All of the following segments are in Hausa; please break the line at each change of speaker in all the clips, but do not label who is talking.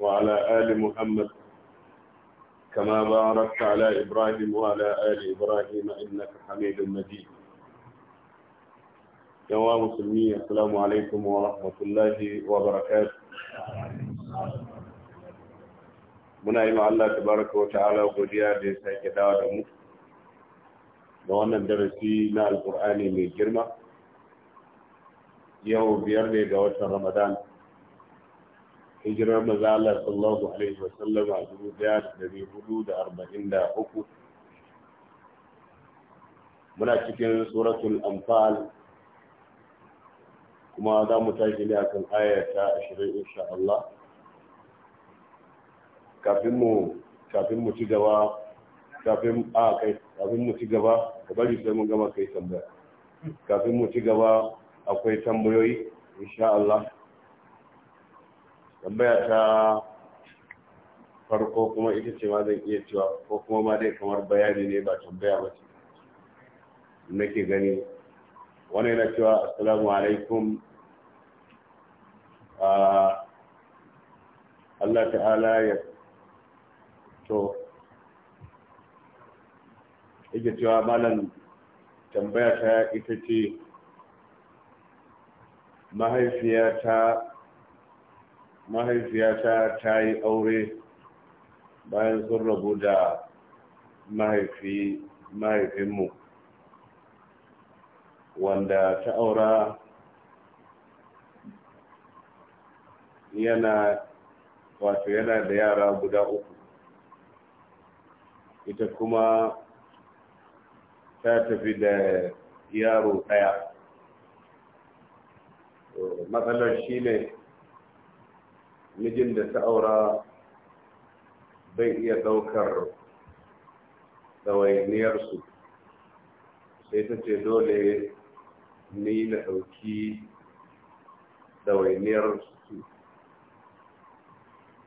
وعلى آل محمد كما باركت على إبراهيم وعلى آل إبراهيم إنك حميد مجيد جواب مسلمي السلام عليكم ورحمة الله وبركاته muna yi wa Allah tabaraka wa ta'ala godiya da ya sake dawo da mu da wannan darasi na alkur'ani mai girma yau biyar ne ga watan ramadan hijirar mazalar sallallahu alaihi sallam a dubu daya da dari hudu da arba'in da uku muna cikin suratul amfal kuma za mu tashi ne akan aya ta ashirin insha Allah kafin mu kafin mu ci gaba kafin a kai kafin mu ci gaba ka bari sai mun gama kai tambaya kafin mu ci gaba akwai tambayoyi insha Allah tambaya ta farko kuma ita ce ma zan iya cewa ko kuma ma dai kamar bayani ne ba tambaya ba ce nake gani wani yana cewa assalamu alaikum Allah ta'ala ya to ita cewa malam tambaya ta ita ce mahaifiyata mahaifiyata ta yi aure bayan sun rabu da mahaifinmu wanda ta aura yana wato yana da yara guda uku ita kuma ta tafi da yaro ɗaya matsalar shi ne mijin da ta aura bai iya ɗaukar ɗawainiyarsu sai ta ce dole ni na ɗauki dawainiyarsu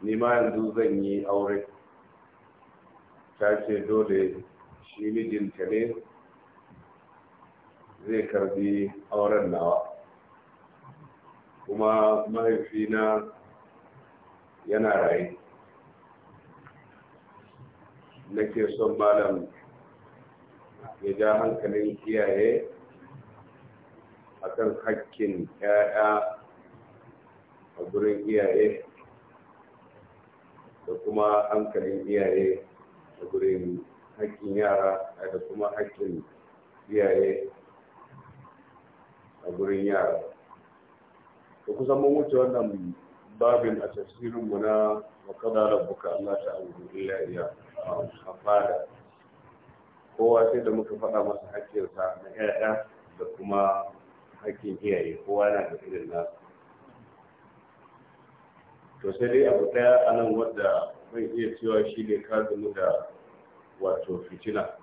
ni ma yanzu zan yi aure ta ce dole shi mijinta ne zai karbi auren nawa kuma mahaifina yana raye nake son malam ya ja hankalin kiyaye akan hakkin ƴaƴa a gurin iyaye da kuma hankalin iyaye a gurin hakkin yara da kuma hakkin iyaye a gurin yara da kusan mun wuce wannan babin a tafsirin mu na makada rabbuka Allah ta abu illa iya a fada kowa sai da muka faɗa masa hakkinsa na 'ya'ya da kuma hakkin iyaye kowa na da irin nasa to sai dai abu ɗaya a nan wadda mai iya cewa shi ne kazumu da wato fitina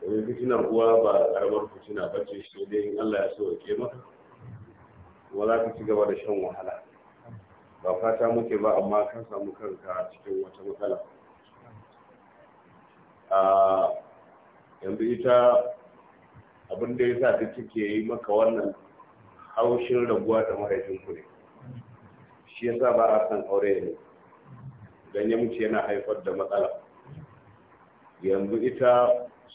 domin fitinar uwa ba karamar fitina ba ce shi dai in Allah ya so ya ke maka kuma za ka ci gaba da shan wahala ba fata muke ba amma kan samu kanka cikin wata matsala a yanzu ita abin da ya sa ta cike yi maka wannan haushin rabuwa da mahaifin ku ne shi ya sa ba a san aure ne don ya mace yana haifar da matsala yanzu ita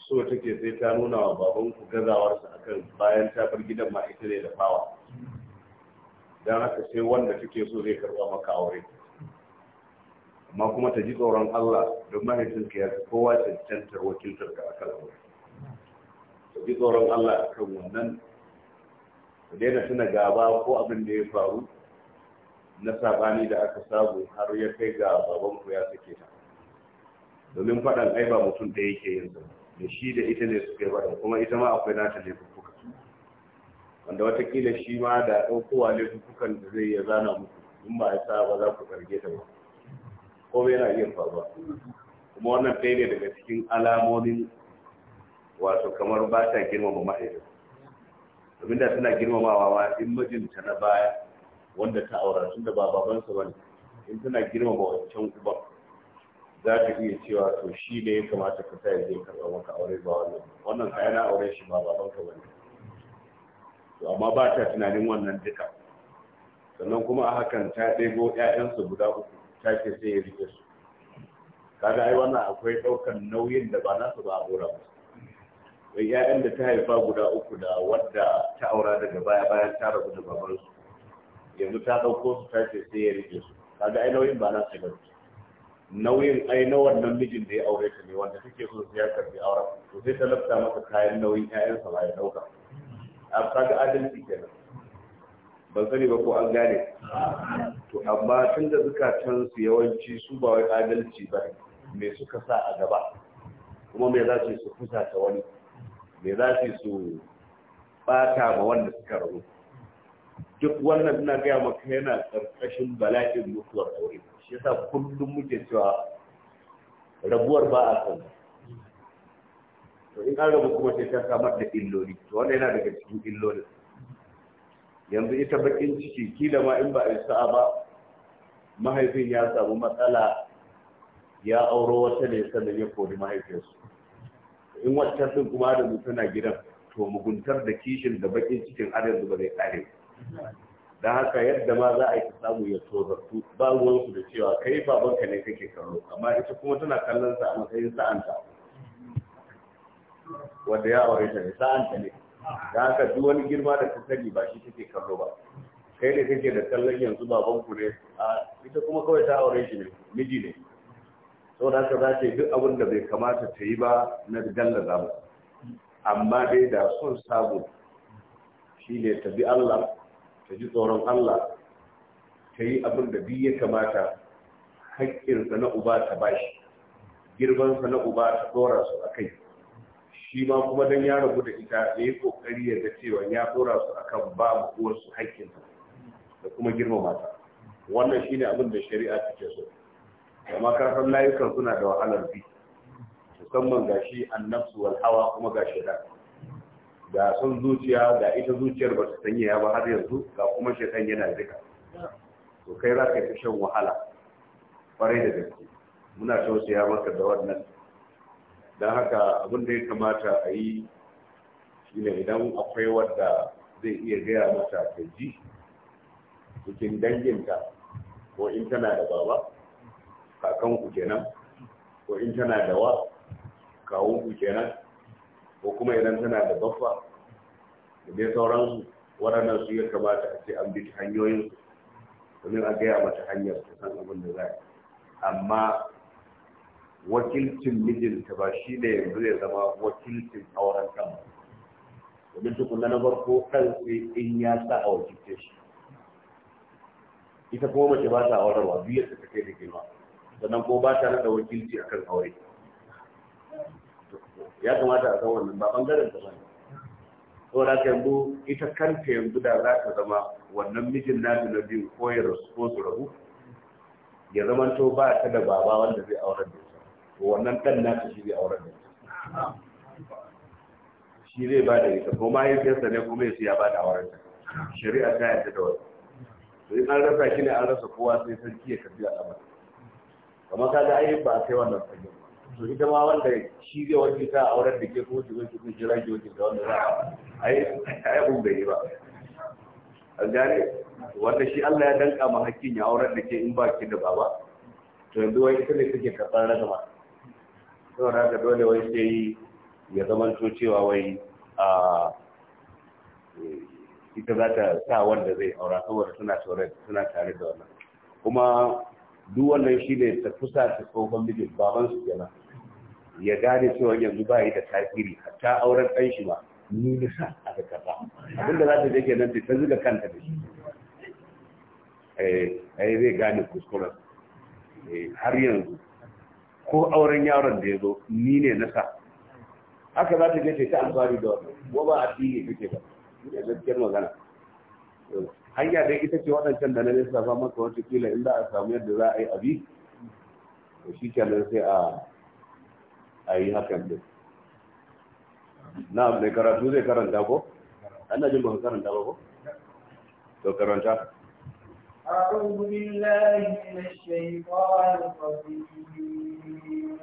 so take sai ta nuna wa babanku gazawarsa akan bayan ta bar gidan ma ita ne da fawa don haka sai wanda take so zai karɓa maka aure amma kuma ta ji tsoron Allah don mahaifin ka ya kowa cancantar wakiltar ka a ta ji tsoron Allah akan wannan ka daina tuna gaba ko abin da ya faru na sabani da aka samu har ya kai ga baban ku ya sake ta domin faɗan ai ba mutum ɗaya yake yanzu. sa da shi da ita ne suka yi faɗan kuma ita ma akwai nata laifuka wanda watakila shi ma da ɗaukowa laifukan da zai ya zana muku in ba ya sa ba za ku ɗarge ta ba ko yana iya faruwa kuma wannan ɗaya ne daga cikin alamomin wato kamar ba ta girmama ma'aikata domin da suna girmamawa ma in mijinta na baya wanda ta aura tun da ba babansa ba ne in tana girmama wancan uban za ka iya cewa to shi ne ya kamata ka sa ya je karɓar maka aure ba wannan wannan kayan aure shi ba babanka ba ne to amma ba ta tunanin wannan duka sannan kuma a hakan ta ɗebo 'ya'yansu guda uku ta ce sai ya rike su kaga ai wannan akwai ɗaukan nauyin da ba nasu ba a ɗora musu don 'ya'yan da ta haifa guda uku da wadda ta aura daga baya bayan ta rabu da babansu yanzu ta ɗauko su ta ce sai ya rike su kaga ai nauyin ba nasu ba nauyin ai na wannan mijin da ya aure ta ne wanda take so sai ya karbi auren to sai ta lafta masa kayan nauyin ƴaƴansa ba ya ɗauka a kaga adalci kenan ban sani ba ko an gane to amma tun da zukatan su yawanci su ba wai adalci ba me suka sa a gaba kuma me za su su ta wani me za su su bata ma wanda suka rabu duk wannan ina gaya maka yana karkashin bala'in mutuwar aure shi yasa kullum muke cewa rabuwar ba a sanda to in an rabu kuma sai ta samar da illoli to wannan yana daga cikin illolin yanzu ita bakin ciki kila ma in ba a sa'a ba mahaifin ya samu matsala ya auro wata ne sannan ya kori mahaifinsu in wancan din kuma da mu tana gidan to muguntar da kishin da bakin cikin har yanzu ba zai kare da haka yadda ma za a yi samu ya tozartu ba ruwansu da cewa kai babanka ne kake karo amma ita kuma tana kallon sa a matsayin sa'anta wanda ya aure ta ne sa'an ta ne da haka duk wani girma da ta sani ba shi take kallo ba kai da kake da kallon yanzu baban ku ne a ita kuma kawai ta aure shi ne miji ne da haka za ta yi duk abin da bai kamata ta yi ba na za mu amma dai da son sabo shi ne ta bi Allah ta ji tsoron Allah ta yi abin da bi ya kamata haƙƙinsa na uba ta bashi sa na uba ta dora su a kai shi ma kuma dan ya rabu da ita da ya kokari ya ga cewa ya dora su akan ba mu uwar su haƙƙin da kuma girmama ta wannan shine abin da shari'a take so amma ka layukan suna da wahalar bi musamman gashi annafsu wal hawa kuma ga shaitan ga son zuciya ga ita zuciyar ba ta sanya ba har yanzu ga kuma shaitan yana jika to kai za ka fi shan wahala kwarai da gaske muna tausaya maka da wannan don haka abin da ya kamata a yi shine idan akwai wadda zai iya gaya mata ta ji cikin danginta ko in tana da baba kakan ku kenan ko in tana da wa kawun ku kenan ko kuma idan tana da baffa da dai sauransu waɗannan su ya kamata a ce an bi hanyoyin domin a gaya mata hanyar ta san abin da za amma wakilcin mijinta ba shi ne yanzu ya zama wakilcin auren kan domin tukuna na farko kan sai in ya sa a wakilce shi ita kuma mace ba ta aurarwa biyar ta kai da girma sannan ko ba ta nada wakilci akan aure ya kamata a san wannan ba bangaren ta bane saboda haka yanzu ita kanta yanzu da za ta zama wannan mijin nasu na biyu ko ya rasu ko su rabu ya zama to ba ta da baba wanda zai aurar da su wannan ɗan na shi zai auren da shi zai ba da ita ko fesa ne kuma ya ya ba da auren ta shari'a ta yadda da wani to in an rasa shi ne an rasa kowa sai sarki ya karbi al'amar kamar ka ga ayyuka ba kai wannan sarki to ita ma wanda shi zai wanke ta auren da ke ko shi zo ki jira ki da wanda za a ai ai abun bai yi ba an gane wanda shi Allah ya danka ma hakkin ya auren da ke in ba ki da baba to yanzu wai ita ne take karɓar ragama saboda haka dole wai sai ya zamanto cewa wai a ita za ta sa wanda zai aura saboda suna tare suna tare da wannan kuma duk wannan shine ta kusa ta tsohon mijin baban su kenan ya gane cewa yanzu ba da tasiri hatta auren ɗan shi ba sa a aka kafa abinda za ta je kenan ta ta zuga kanta da shi eh zai gane kuskuren eh, har yanzu ko auren yaron da ya zo ni ne na sa haka za ta je ta alfahari da wannan ko ba a addini kake ba ya gaskiyar magana hanya dai ita ce waɗancan da na lissafa maka wata kila in za a samu yadda za a yi abi to shi nan sai a a yi hakan din na mai karatu zai karanta ko ana jin ba karanta ba ko to karanta أعوذ بالله
من الشيطان الرجيم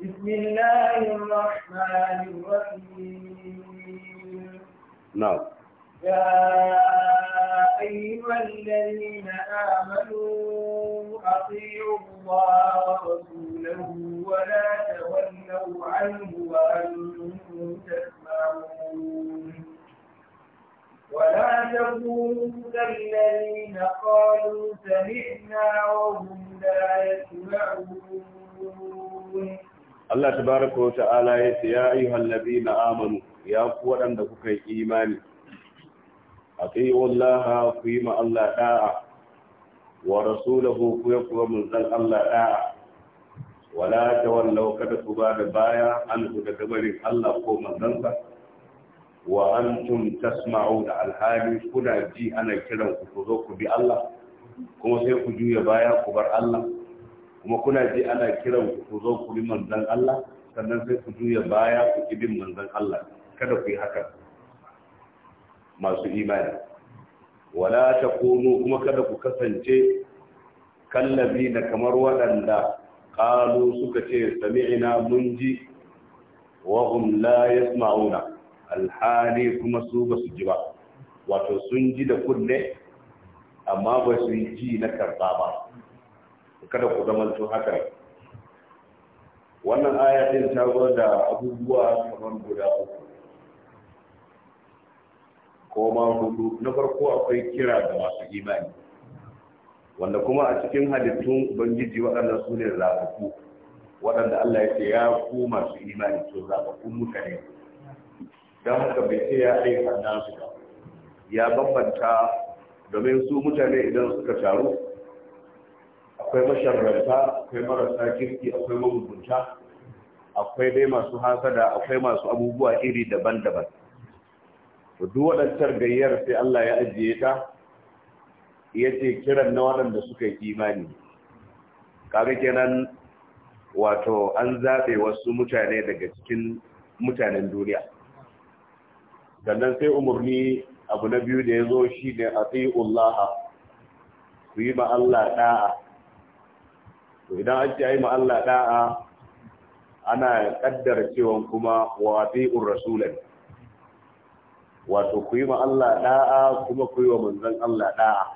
بسم
الله الرحمن الرحيم نعم يا أيها الذين آمنوا أطيعوا الله ورسوله ولا
تولوا عنه وأنتم تسمعون
ولا تكونوا كالذين قالوا سمعنا وهم لا يسمعون الله تبارك وتعالى يا أيها الذين آمنوا يا قوة أنك إيماني أطيعوا الله فيما الله داعى ورسوله فيكم من ذل الله داعى ولا تولوا كتبوا بعد بايا أنه تكبر الله قوم ذنبا wa antum tasma'una alhali kuna ji ana kiran ku zo ku bi Allah kuma sai ku juya baya ku bar Allah kuma kuna ji ana kiran ku zo ku bi manzon Allah sannan sai ku juya baya ku ki bin manzon Allah kada ku yi haka masu imani wala takunu kuma kada ku kasance kallabi na kamar waɗanda ƙalu suka ce sami'ina mun ji wa hum la yasma'una alhali kuma su ba su ji ba wato sun ji da kunne amma ba su yi ji na karba ba kada ku zama su haka wannan aya din ta zo da abubuwa kamar guda uku ko ma hudu na farko akwai kira ga masu imani wanda kuma a cikin halittun ubangiji waɗannan su ne waɗanda Allah ya ce ya ku masu imani to zaɓaɓɓun mutane don haka bai ce ya aika nasu ba ya bambanta domin su mutane idan suka taru akwai masharranta akwai marasa kirki akwai mabubuta akwai dai masu hasada akwai masu abubuwa iri daban-daban duk waɗancan gayyar sai Allah ya ajiye ta ya kiran na waɗanda suka yi imani kaga kenan wato an zaɓe wasu mutane daga cikin mutanen duniya sannan sai umarni abu na biyu da ya zo shi ne a Allah ku yi ma Allah da'a idan an yi ma Allah da'a ana kaddara cewa kuma wa ati'ur wato ku yi ma Allah da'a kuma ku yi wa manzon Allah da'a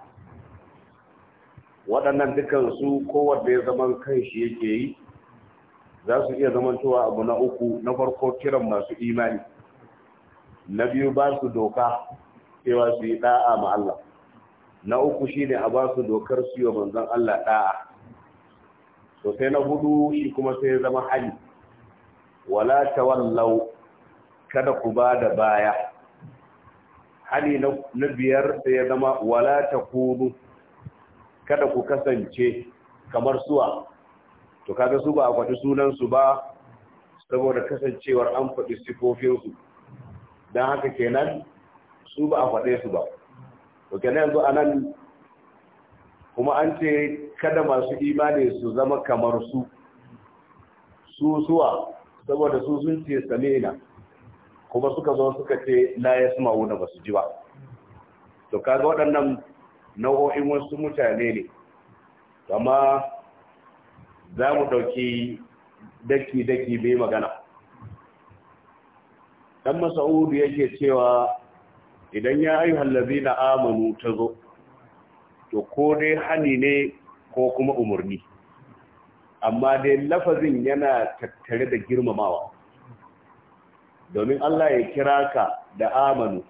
waɗannan dukan su kowanne ya zaman shi yake yi za su iya zamantowa abu na uku na farko kiran masu imani na biyu ba su doka cewa su yi da'a ma Allah na uku shi ne a ba su dokar su yi manzon Allah da'a to sai na hudu shi kuma sai zama hali wala ta wallau kada ku ba da baya hali na biyar sai ya zama wala ta kunu, kada ku kasance kamar suwa to kaga su ba a faɗi sunansu ba saboda kasancewar an faɗi sifofinsu don haka kenan su ba a faɗe su ba to kenan yanzu a nan kuma an ce kada masu imani su zama kamar su su suwa saboda su sun ce samina kuma suka zo suka ce la ya suma wuna ba su ji ba to kaga waɗannan nau'o'in wasu mutane ne amma za mu ɗauki daki-daki bai magana dan mas'ud yake cewa idan ya ayu allazina amanu tazo to ko dai hani ne ko kuma umurni amma dai lafazin yana tattare da girmamawa domin Allah ya kira ka da amanu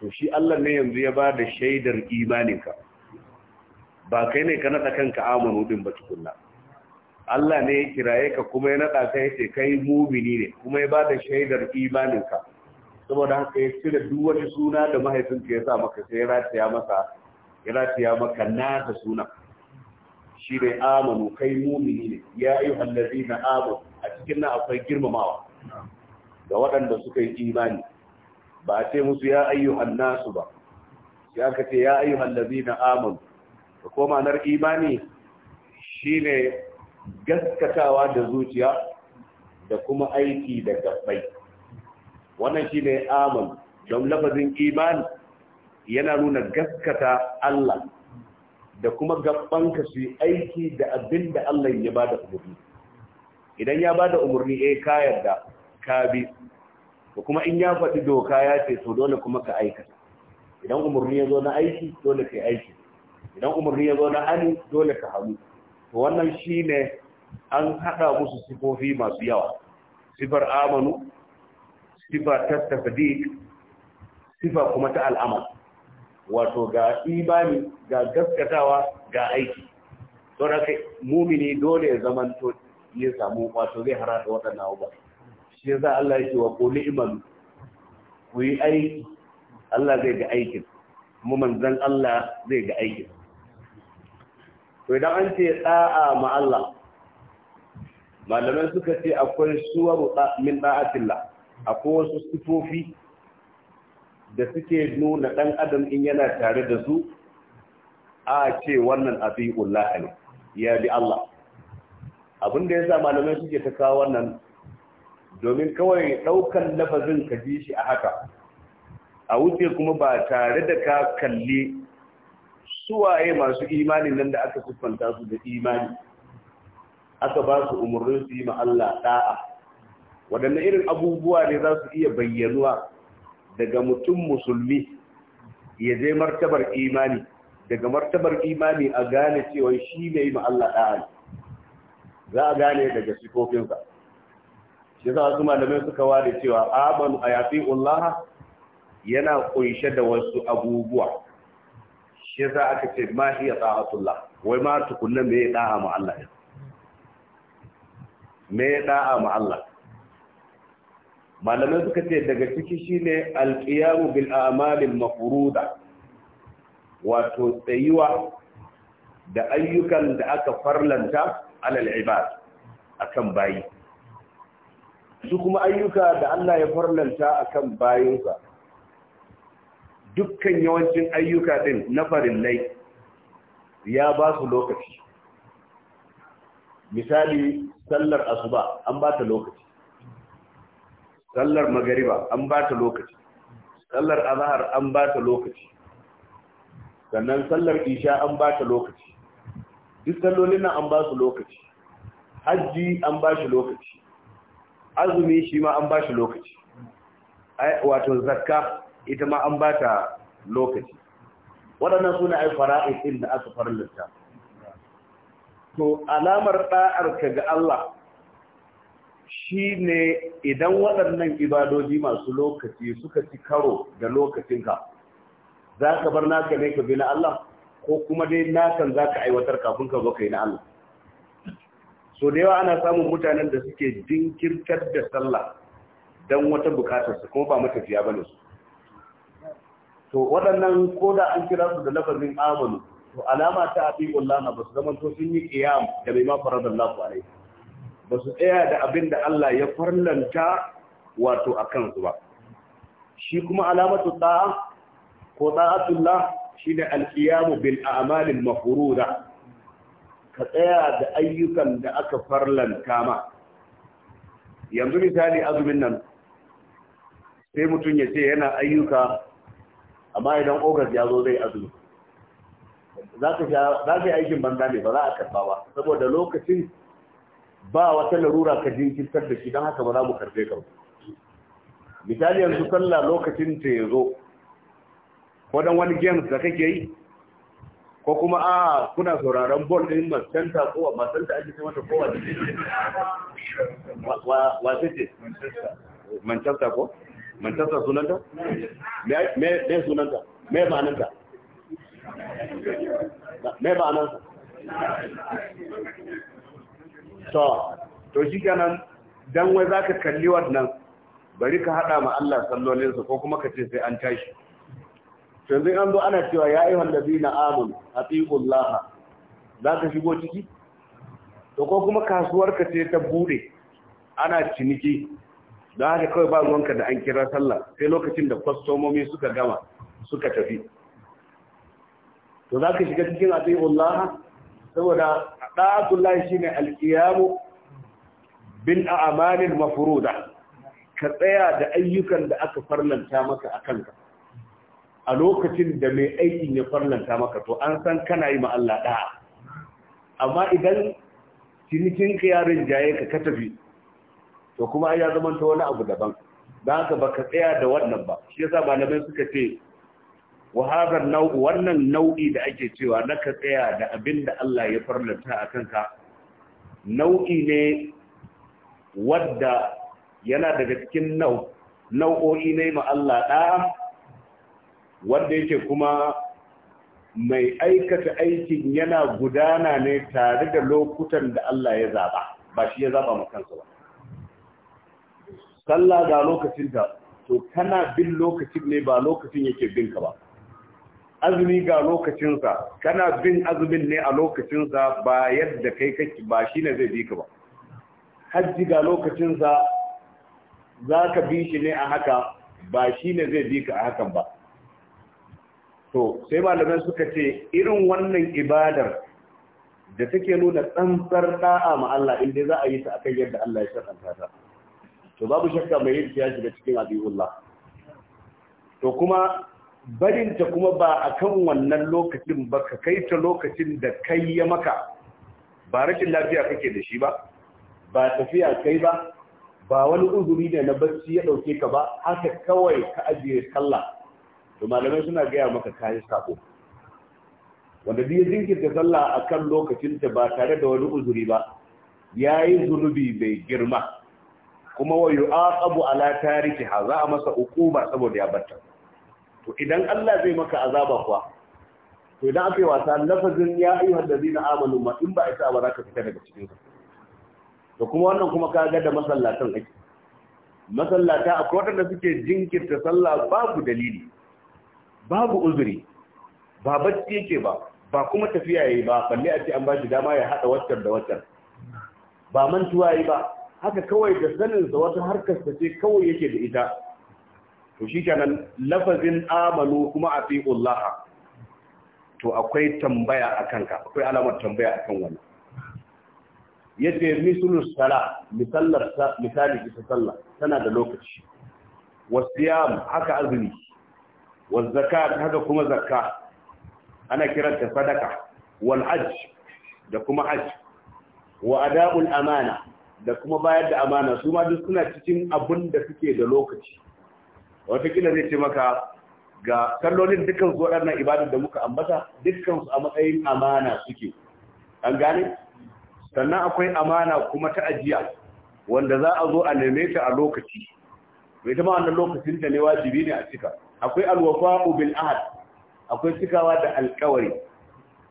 to shi Allah ne yanzu ya ba da shaidar imaninka ba kai ne ka naɗa kanka amanu din ba tukunna Allah ne ya kiraye ka kuma ya naɗa ka yace kai mumini ne kuma ya bada shaidar imaninka saboda haka ya cire duk wani suna da mahaifinka ya sa maka sai ya rataya maka ya rataya maka nasa suna shi ne amanu kai mumini ne ya yi hallazi na amanu a cikin nan akwai girmamawa ga waɗanda suka yi imani ba a ce musu ya ayyuhan nasu ba sai aka ce ya ayyuhan lazi na amanu ko ma'anar imani shine gaskatawa da zuciya da kuma aiki da gabbai wannan shine amal don lafazin imani yana nuna gaskata Allah da kuma ka su aiki da abin Allah ya bada umarni idan ya bada umarni eh ka yarda ka bi ko kuma in ya faɗi doka ya ce to dole kuma ka aikata idan umarni ya zo na aiki dole ka aiki idan umarni ya zo na hani dole ka hannu wannan shine an hada musu sifofi masu yawa sifar amanu sifar ta tasdiq sifa kuma ta al'amal wato ga imani ga gaskatawa ga aiki don haka mumini dole ya to ya samu wato zai harata waɗannan abubuwa shi yasa Allah yake wa qul iman ku yi aiki Allah zai ga aikin kuma manzan Allah zai ga aikin to idan an ce da'a ma Allah malaman suka ce akwai suwaru min da'atillah akwai wasu sifofi da suke nuna dan adam in yana tare da su a ce wannan abiullah ne ya bi Allah abin da yasa malamai suke ta kawo wannan domin kawai daukan lafazin ka ji shi a haka a wuce kuma ba tare da ka kalli suwaye masu imani nan da aka siffanta su da imani aka ba su umarnin su yi ma Allah da'a waɗanne irin abubuwa ne za su iya bayyanuwa daga mutum musulmi ya je martabar imani daga martabar imani a gane cewa shi ne yi ma Allah da'a za a gane daga sifofinsa shi za su malamai suka ware cewa amanu a yafi Allah yana kunshe da wasu abubuwa shi yasa aka ce ma hiya ta'atullah wai ma tukunna me ya da'a ma Allah me ya da'a ma Allah malamai suka ce daga ciki shine alqiyam bil al mafruda wato tsayuwa da ayyukan da aka farlanta alal ibad akan bayi su kuma ayyuka da Allah ya farlanta akan bayinsa dukkan yawancin ayyuka din na farillai ya ba su lokaci misali sallar asuba an ba ta lokaci sallar magariba an ba ta lokaci sallar azhar an ba ta lokaci sannan sallar isha an ba ta lokaci duk sallolin nan an ba su lokaci hajji an ba shi lokaci azumi shi ma an ba shi lokaci wato zakka ita ma an ba ta lokaci waɗannan suna ai fara'i ɗin da aka lissa to alamar ɗa'arka ga Allah shi ne idan waɗannan ibadoji masu lokaci suka ci karo da lokacinka za ka bar naka ne ka bi na Allah ko kuma dai nakan za ka aiwatar kafin ka zo kai na Allah so da yawa ana samun mutanen da suke jinkirtar da sallah don wata bukatarsa kuma ba matafiya bane su to waɗannan ko da an kira su da lafazin amanu to alama ta Allah na basu zaman to sun yi qiyam da bai ma faradallahu Ba basu tsaya da abin da Allah ya farlanta wato a kansu ba shi kuma alamatu ta'a ko ta'atullah shine alƙiyamu bin amalin mafuru da. ka tsaya da ayyukan da aka farlanta ma yanzu misali azumin nan sai mutum ya ce yana ayyuka amma idan ogas ya zo zai azumi za ka yi aikin banza ne ba za a karba ba saboda lokacin ba wata larura ka jinkirtar da shi don haka ba za mu karbe ka misali yanzu sallah lokacin ta ya zo ko dan wani games da kake yi ko kuma a kuna sauraron ball din masanta ko a masanta ake ce mata kowa da ce ce manchester ko mantasa sunanta? me sunanta? me ma'ananta? me ma'ananta? to to shi kenan dan wai za ka kalli wannan bari ka hada ma Allah sallolinsa ko kuma ka ce sai an tashi yanzu an zo ana cewa ya ayyuhan ladina amanu atiqullaha za ka shigo ciki to ko kuma kasuwar ka ce ta bude ana ciniki da haka kawai ba ruwanka da an kira sallah sai lokacin da kwastomomi suka gama suka tafi to za ka shiga cikin Allah saboda ɗa'atullahi shi ne alƙiyamu bin a'amalin mafuruda ka tsaya da ayyukan da aka farlanta maka a kanka a lokacin da mai aikin ya farlanta maka to an san kana yi Allah da'a. amma idan cinikin ka yarin jaye ka ka tafi to kuma ya zama ta wani abu daban don haka baka tsaya da wannan ba shi yasa malamai suka ce wa hadha wannan nau'i da ake cewa na ka tsaya da abin da Allah ya farlanta a kanka nau'i ne wadda yana daga cikin nau nau'o'i ne ma Allah da wanda yake kuma mai aikata aikin yana gudana ne tare da lokutan da Allah ya zaba ba shi ya zaba ma kansa ba sallah ga lokacinta to kana bin lokacin ne ba lokacin yake bin ka ba azumi ga lokacinsa kana bin azumin ne a lokacinsa ba yadda kai kake ba shi ne zai bi ka ba hajji ga lokacinsa za ka bi shi ne a haka ba shi ne zai bi ka a hakan ba to sai malamai suka ce irin wannan ibadar da take nuna tsantsar da'a ma Allah inda za a yi ta akan yadda Allah ya shar'anta ta to babu shakka mai yin siyasa shiga cikin abiyullah to kuma barinta kuma ba a kan wannan lokacin ba ka kai ta lokacin da kai ya maka ba rashin lafiya kake da shi ba ba tafiya kai ba ba wani uzuri ne na barci ya ɗauke ka ba haka kawai ka ajiye sallah to malamai suna gaya maka kayan sako wanda duk ya jinkirta sallah akan lokacin ta ba tare da wani uzuri ba ya yi zunubi mai girma kuma wa yu'aqabu ala tarikiha za a masa hukuma saboda ya batta to idan Allah zai maka azaba kuwa to idan aka yi wasa lafazin ya ayyuhal ladina amanu ma in ba isa ba za ka fita daga cikin ka to kuma wannan kuma ka ga da masallatan ake masallata akwai wanda suke jinkirta sallah babu dalili babu uzuri ba bacci yake ba ba kuma tafiya yayi ba balle a ce an ba shi dama ya hada waccan da waccan ba mantuwa yayi ba haka kawai da saninsa wata harkar sa ce kawai yake da ita to shi shikenan lafazin amanu kuma atiullah to akwai tambaya a kanka, akwai alamar tambaya a akan wannan yace misulun sala misallar misali ita sallah tana da lokaci wasiyam haka azumi waz zakat haka kuma zakka ana kiranta sadaka wal hajj da kuma hajj wa ada'ul amana da kuma bayar da amana su ma duk suna cikin abin da suke da lokaci watakila zai ce maka ga kallonin dukkan su waɗannan ibadar da muka ambata dukkan su a matsayin amana suke an gane sannan akwai amana kuma ta ajiya wanda za a zo a neme ta a lokaci mai ta ma wannan lokacin ta ne wajibi ne a cika akwai alwafa bil ahad akwai cikawa da alkawari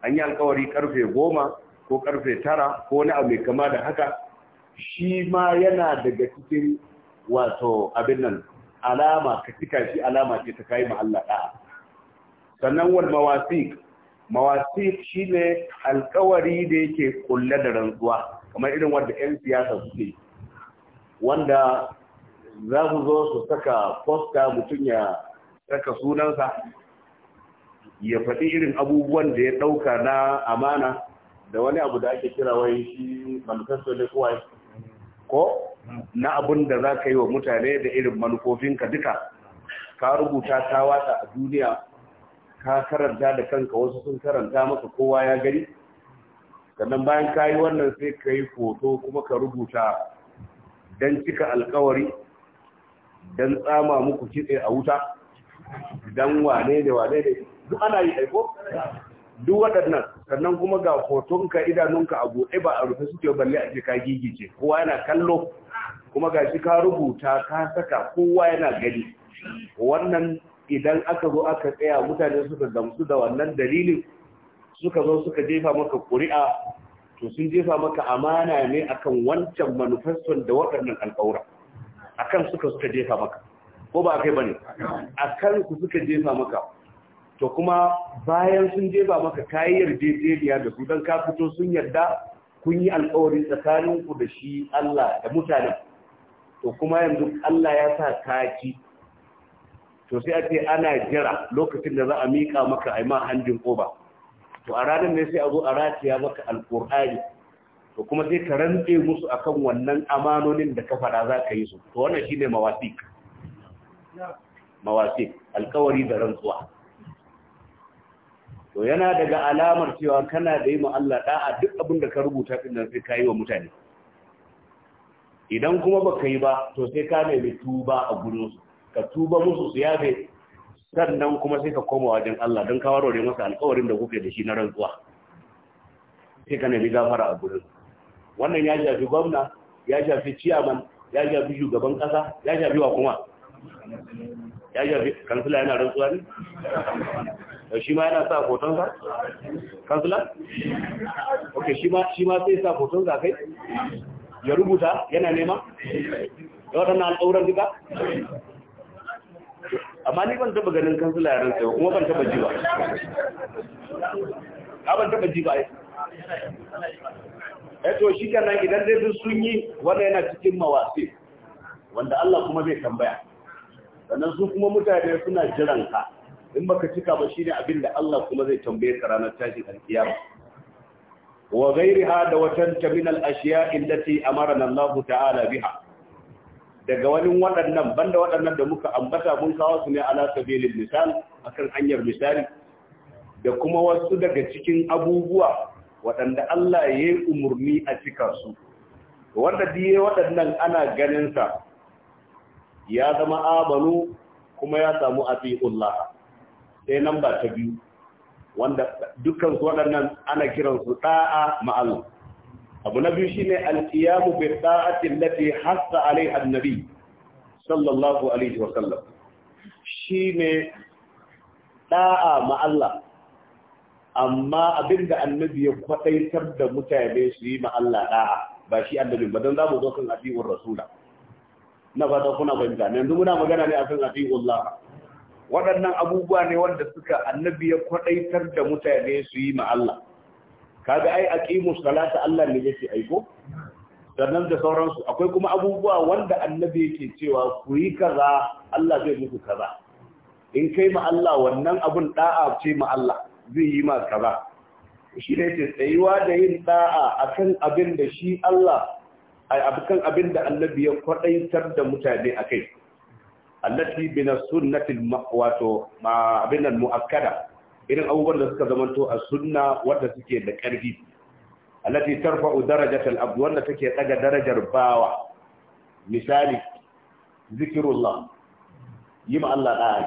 an yi alkawari karfe goma ko karfe tara ko wani abu mai kama da haka shi ma yana daga cikin wato abin nan alama ka shi alama ce ta kai ma Allah sannan wal mawasiq mawasiq shine alkawari da yake kulle da rantsuwa kamar irin wanda 'yan siyasa suke wanda za su zo su saka fosta mutum ya saka sunansa ya faɗi irin abubuwan da ya ɗauka na amana da wani abu da ake kira wai shi manifesto ne kowai. ko na abin da za ka yi wa mutane da irin manufofin ka duka ka rubuta ta watsa a duniya ka karanta da kanka wasu sun karanta maka kowa ya gani sannan bayan ka yi wannan sai ka yi foto kuma ka rubuta don cika alkawari don tsama muku kitse a wuta don wane da wane da duk ana yi aiko duk waɗannan sannan kuma ga hotonka idanunka a buɗe ba a rufe suke balle a ka gigice kowa yana kallo kuma ga shi ka rubuta ka saka kowa yana gani wannan idan aka zo aka tsaya mutane suka gamsu da wannan dalilin suka zo suka jefa maka ƙuri'a to sun jefa maka amana ne akan wancan manufeston da waɗannan alƙawura akan suka suka jefa maka ko ba kai bane akan su suka jefa maka to kuma bayan sun jefa maka kayi yarjejeniya da su don ka fito sun yarda kun yi alkawari tsakaninku da shi Allah da mutane, to kuma yanzu Allah ya sa kaci to sai a ce ana jira lokacin da za a miƙa maka a ma hanjin ƙoba to a ranar ne sai a zo a rataya maka alƙur'ani to kuma sai ka rantse musu akan wannan amanonin da ka fara za ka yi su to wannan shine mawasiq mawasiq alkawari da rantsuwa to yana daga alamar cewa kana da yi Allah da'a duk abin da ka rubuta ɗin nan sai ka yi wa mutane idan kuma baka yi ba to sai ka nemi tuba a gudunsu su ka tuba musu su yafe sannan kuma sai ka koma wajen Allah don ka masa alƙawarin da kuke da shi na rantsuwa sai ka nemi gafara a gurin wannan ya shafi gwamna ya shafi ciyaman ya shafi shugaban ƙasa ya shafi wa kuma ya shafi kansila yana rantsuwa ne shi ma yana sa hoton ka? kansula ok shi ma sai sa hoton ka kai ya rubuta yana nema wata waɗannan al'auran duka amma ni ban taba ganin kansula ya rantsa kuma ban taba ji ba
Ya ban taba ji ba
ya eh to shi kana idan dai duk sun yi wanda yana cikin mawasi wanda Allah kuma zai tambaya sannan su kuma mutane suna jiran ka in baka cika ba shine abin da Allah kuma zai tambaye ka ranar tashin alkiyama wa ghayriha da watan min al-ashiya allati amarna Allah ta'ala biha daga wani waɗannan banda waɗannan da muka ambata mun kawo su ne ala sabilin misal akan hanyar misali da kuma wasu daga cikin abubuwa waɗanda Allah ya yi umarni a cika su wanda diye waɗannan ana sa, ya zama abanu kuma ya samu ati'ullah sai namba ta biyu wanda dukkan su waɗannan ana kiransu da'a ma'azu abu na biyu shine al-qiyamu bi da'ati allati hasa alaiha an sallallahu alaihi wa sallam shine da'a ma Allah amma abinda annabi ya kwadaitar da mutane su yi ma Allah da'a ba shi annabi ba dan zamu zo kan abiwar rasula na ta kuna fahimta yanzu muna magana ne akan abiwullah waɗannan abubuwa ne wanda suka annabi ya kwaɗaitar da mutane su yi ma Allah kaga ai aqimu salata Allah ne yake aiko sannan da sauransu akwai kuma abubuwa wanda annabi yake cewa ku yi kaza Allah zai muku kaza in kai ma Allah wannan abun ɗa'a ce ma Allah zai yi ma kaza shi ne yake tsayuwa da yin da'a akan abin da shi Allah kan abin da annabi ya kwaɗaitar da mutane a kai. allati bina sunnati wato ma abin al muakkada irin abubuwan da suka zamanto a sunna wanda suke da karfi allati tarfa'u darajat al abd wanda take daga darajar bawa misali zikrullah yi ma Allah da'a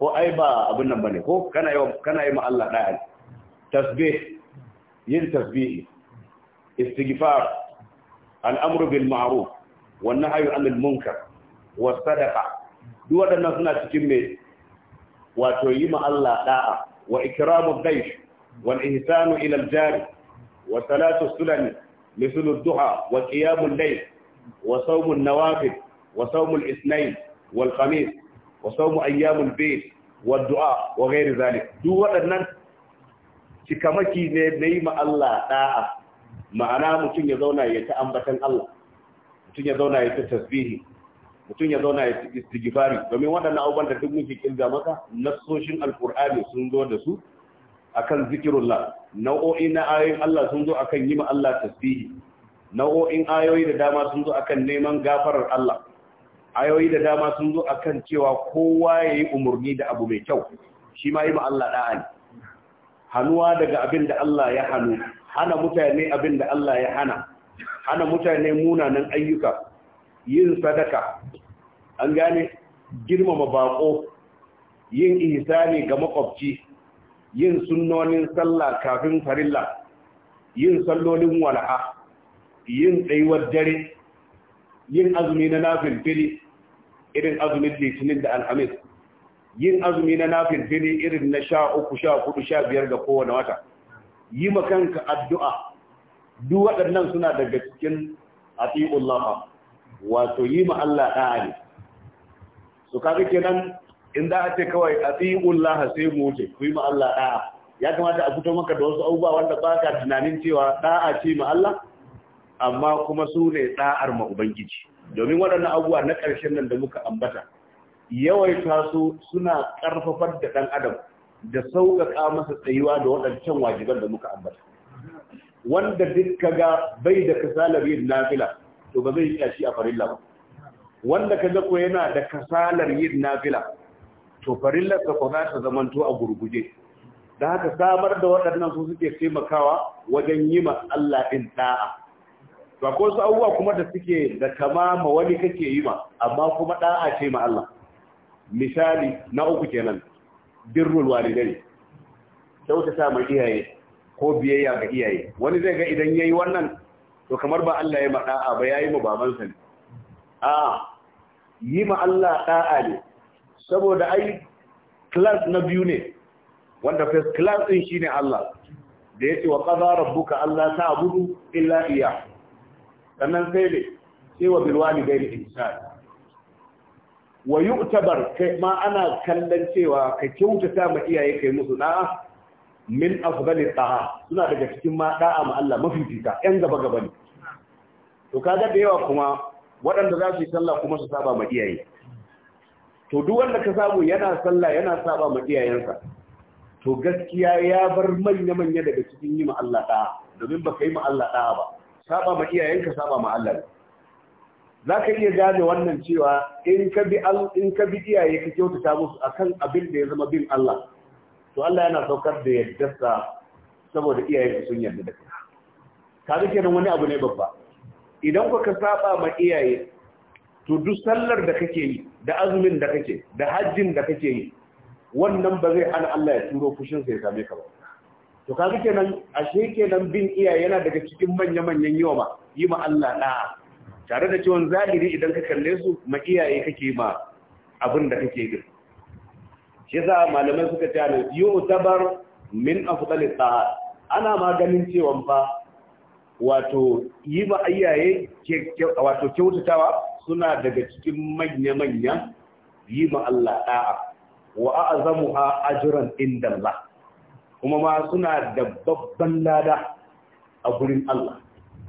ko ai ba abin nan bane ko kana yi kana yi ma Allah da'a tasbih yin tasbih istighfar al'amru bil ma'ruf wan nahyu anil munkar wa sadaqa duk waɗannan suna cikin me wato yi ma Allah da'a wa ikramu daysh wal ihsanu ila al jari wa salatu sunan mithlu duha wa kiyamun layl wa sawmun nawafil wa sawmul isnayn wal khamis wa sawmu ayyamul bayt wa du'a wa ghairi zalik duk waɗannan cikamaki ne na yi ma Allah da'a ma'ana mutum ya zauna ya ta ambatan Allah mutum ya zauna ya ta tasbihi mutum ya zauna ya istighfari domin waɗannan abubuwan da duk muke kirga maka nasoshin alqur'ani sun zo da su akan zikirullah nau'o'i na ayoyin Allah sun zo akan yi ma Allah tasbihi nau'o'in ayoyi da dama sun zo akan neman gafarar Allah ayoyi da dama sun zo akan cewa kowa yayi umarni da abu mai kyau shi ma yi ma Allah da'a hanuwa daga abin da Allah ya hanu hana mutane abin da Allah ya hana hana mutane munanan ayyuka yin sadaka an gane girmama bako yin ihsani ga makwabci yin sunnonin sallah kafin farilla yin sallolin wala'a yin tsayuwar dare yin azumi na nafin fili irin azumin litinin da alhamis yin azumi na nafin fili irin na sha uku sha hudu sha biyar ga kowane wata yi makanka addu'a duk waɗannan suna daga cikin ati'ullaha wato yi ma Allah ɗaya su kaga kenan in da a ce kawai sai mu wuce ku yi ma Allah da'a ya kamata a fito maka da wasu abubuwa wanda ba ka tunanin cewa da'a ce ma Allah amma kuma su ne da'ar ma ubangiji domin waɗannan abubuwa na ƙarshen nan da muka ambata yawaita su suna ƙarfafar da ɗan adam da sauƙaƙa masa tsayuwa da waɗancan wajiban da muka ambata wanda duk ga bai da kasalar yin nafila to ba zai iya shi a farilla ba wanda ka ga yana da kasalar yin nafila to farillar ka kwana ta zamanto a gurguje da haka samar da waɗannan su suke taimakawa wajen yi ma Allah ɗin ɗa'a ba ko su abubuwa kuma da suke da kama ma wani kake yi ma amma kuma ɗa'a ce ma Allah misali na uku kenan birrul walidai kyautata mai iyaye ko biyayya ga iyaye wani zai ga idan yayi wannan to kamar ba Allah ya ma ɗa'a ba yayi ma babansa ne a yi ma Allah ɗa'a ne saboda ai class na biyu ne wanda first class ɗin shine Allah da ya ce wa ƙaza rabbuka Allah ta abudu illa iya sannan sai ne sai wa bilwali gairi ne. wa yu'tabar ma ana kallon cewa ka kyautata ma iyaye kai musu ɗaa min afdali da'a suna daga cikin ma da'a ma Allah mafifita yan gaba gaba ne to kaga da yawa kuma waɗanda za su yi sallah kuma su saba ma iyaye to duk wanda ka samu yana sallah yana saba ma iyayensa to gaskiya ya bar manya-manya daga cikin yi ma Allah ɗaya domin ba ka yi ma Allah ɗaya ba saba ma iyayenka saba ma Allah ne za ka iya gane wannan cewa in ka bi in ka bi iyaye ka kyautata musu akan abin da ya zama bin Allah to Allah yana saukar da yaddarsa saboda iyaye sun yarda da kai ka ga kenan wani abu ne babba idan kuka saba ma iyaye to duk sallar da kake yi da azumin da kake da hajjin da kake yi wannan ba zai hana Allah ya turo fushin sa ya same ka ba to kaga kenan ashe kenan bin iyaye yana daga cikin manya manyan ma, yi ma Allah da tare da cewa zahiri idan ka kalle su ma iyaye kake ma abin da kake yi shi yasa malamai suka ce ne tabar min afdalis ta'at ana maganin ganin cewa fa wato yi ma iyaye wato kyautatawa suna daga cikin manya-manya yi ma Allah da'a wa a'zamuha ajran inda Allah kuma ma suna da babban lada a gurin Allah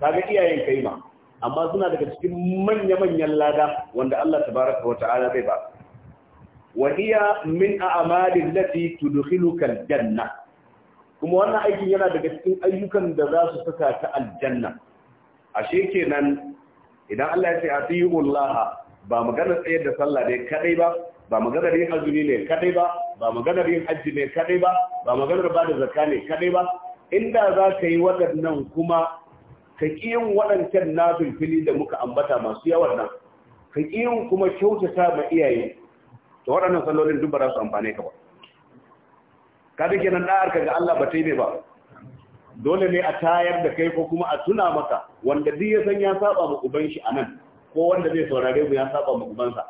kaga iyayen kai ma amma suna daga cikin manya-manyan lada wanda Allah tabaraka wa ta'ala zai ba wa iya min a'malil lati tudkhiluka janna kuma wannan aikin yana daga cikin ayyukan da za su saka ta aljanna ashe kenan idan Allah ya ce a ullaha, ba magana tsayar da sallah ne kadai ba ba maganar yin azumi ne kadai ba ba maganar yin hajji ne kadai ba ba maganar ba da zakka ne kadai ba inda za ka yi waɗannan kuma ka yin waɗancan nafin fili da muka ambata masu yawan nan ka yin kuma kyautata ma iyaye to waɗannan sallolin duk ba za su amfane ka ba kada kenan da'ar ka ga Allah ba tai ne ba dole ne a tayar da kai ko kuma a tuna maka wanda duk ya san ya saba mu uban shi anan ko wanda zai saurare mu ya saba uban sa,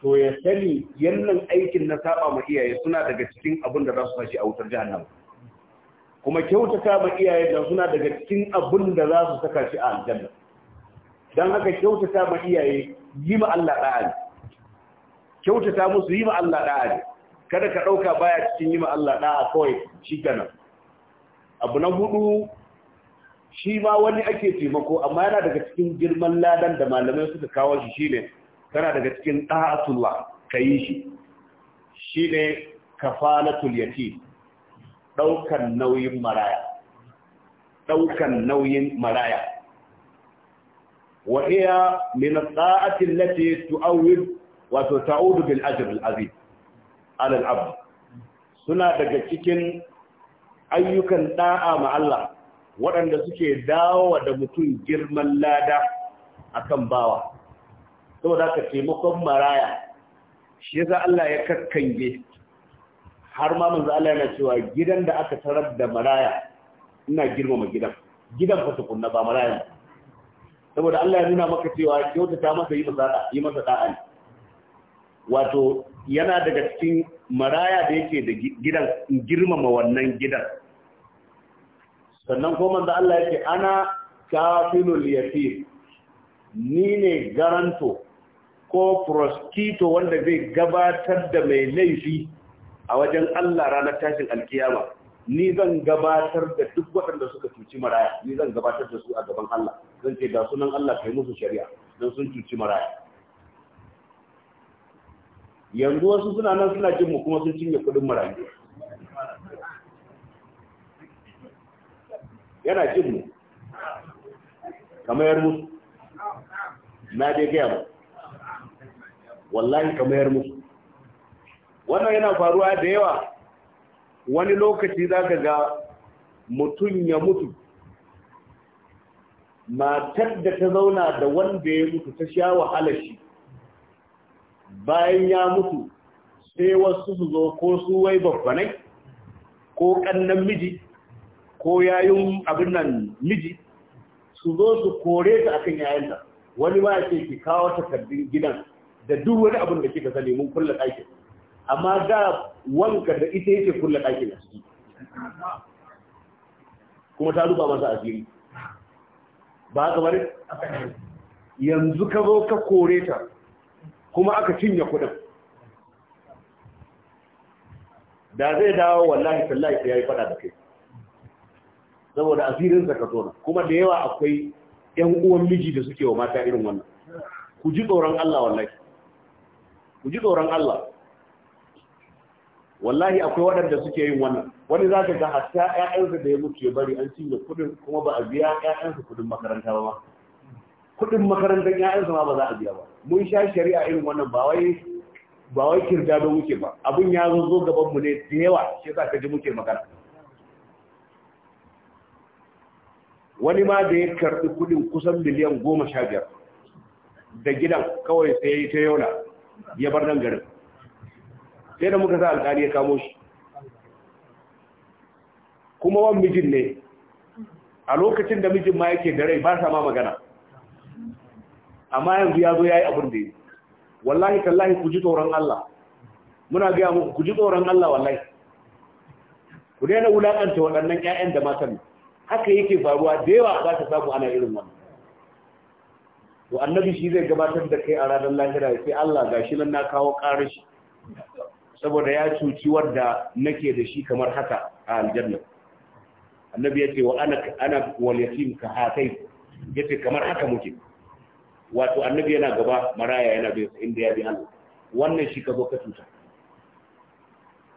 to ya sani yannan aikin na saba mu iyaye suna daga cikin abin da za su fashi a wutar jahannama kuma kyautata ma iyaye da suna daga cikin abin da za su saka shi a aljanna dan haka kyautata ma iyaye yi ma Allah da'a kyautata musu yi ma Allah da'a kada ka ɗauka baya cikin yi ma Allah ɗa'a kawai shi gana abu na hudu shi ma wani ake taimako amma yana daga cikin girman ladan da malamai suka kawo shi ne. kana daga cikin ɗa'atullah ka yi shi shine kafalatul yati ɗaukan nauyin maraya ɗaukan nauyin maraya wa iya min ɗa'atin lati tu'awwid wato ta'udu bil ajr al azim alal abd suna daga cikin ayyukan da'a ma Allah waɗanda suke dawowa da mutum girman lada akan bawa saboda ka taimakon maraya shi yasa Allah ya kakkange har ma manzo Allah yana cewa gidan da aka tarar da maraya ina girmama gidan gidan fa tukunna ba maraya saboda Allah ya nuna maka cewa kyautata masa yi masa yi masa da'a wato yana daga cikin maraya da yake da gidan girmama wannan gidan sannan ko manzo Allah yake ana kafilul yatim ni ne garanto ko proskito wanda zai gabatar da mai laifi a wajen Allah ranar tashin alkiyama ni zan gabatar da duk waɗanda suka cuci maraya ni zan gabatar da su a gaban Allah zan ce ga sunan Allah kai musu shari'a don sun cuci maraya yanzu wasu suna nan suna jin mu kuma sun cinye kudin marayu yana jin mu kamar musu na dai gaya ba, wallahi kamar musu wannan yana faruwa da yawa wani lokaci za ka ga mutum ya mutu matar da ta zauna da wanda ya mutu ta sha wahalar shi bayan ya mutu sai wasu su zo ko su wai babbanai ko kannan miji ko yayin abin nan miji su zo su kore ta akan yayanta wani ba ce ki kawo takardun gidan da duk wani abin da kika sani mun kulla ɗakin amma da wanka da ita yake kulla ɗakin a ciki kuma ta rufa masa asiri ba kamar yanzu ka zo ka kore ta kuma aka cinye kudin da zai dawo wallahi sallahi sai yayi fada da kai saboda asirin zaka ka tona kuma da yawa akwai ƴan uwan miji da suke wa mata irin wannan ku ji tsoron Allah wallahi ku ji tsoron Allah wallahi akwai waɗanda suke yin wannan wani za ka ga hatta ƴaƴansa da ya mutu ya bari an cinye kuɗin kuma ba a biya ƴaƴansa kuɗin makaranta ba kuɗin makarantar ‘ya'yansa ma ba za a biya ba mun sha shari'a irin wannan ba wai ba wai kirga don muke ba abin ya zo zo gaban mu ne da yawa shi yasa ka ji muke magana wani ma da ya karɓi kuɗin kusan miliyan goma sha biyar da gidan kawai sai ya yi ta yauna ya bar nan garin sai da muka sa alƙali ya kamo shi kuma wan mijin ne a lokacin da mijin ma yake da rai ba sa ma magana amma yanzu ya zo ya yi abin da ya wallahi tallahi ku ji tsoron Allah muna gaya mu ku ji tsoron Allah wallahi ku daina wulaƙanta waɗannan 'ya'yan da matan haka yake faruwa da yawa za ta samu ana irin wannan to annabi shi zai gabatar da kai a ranar lahira ya ce Allah gashi nan na kawo ƙarar shi saboda ya cuci wanda nake da shi kamar haka a aljanna annabi ya ce wa ana ana wal yatim ka hatai yace kamar haka muke wato annabi yana gaba maraya yana bai inda ya bi Allah wannan shi ka zo ka cuta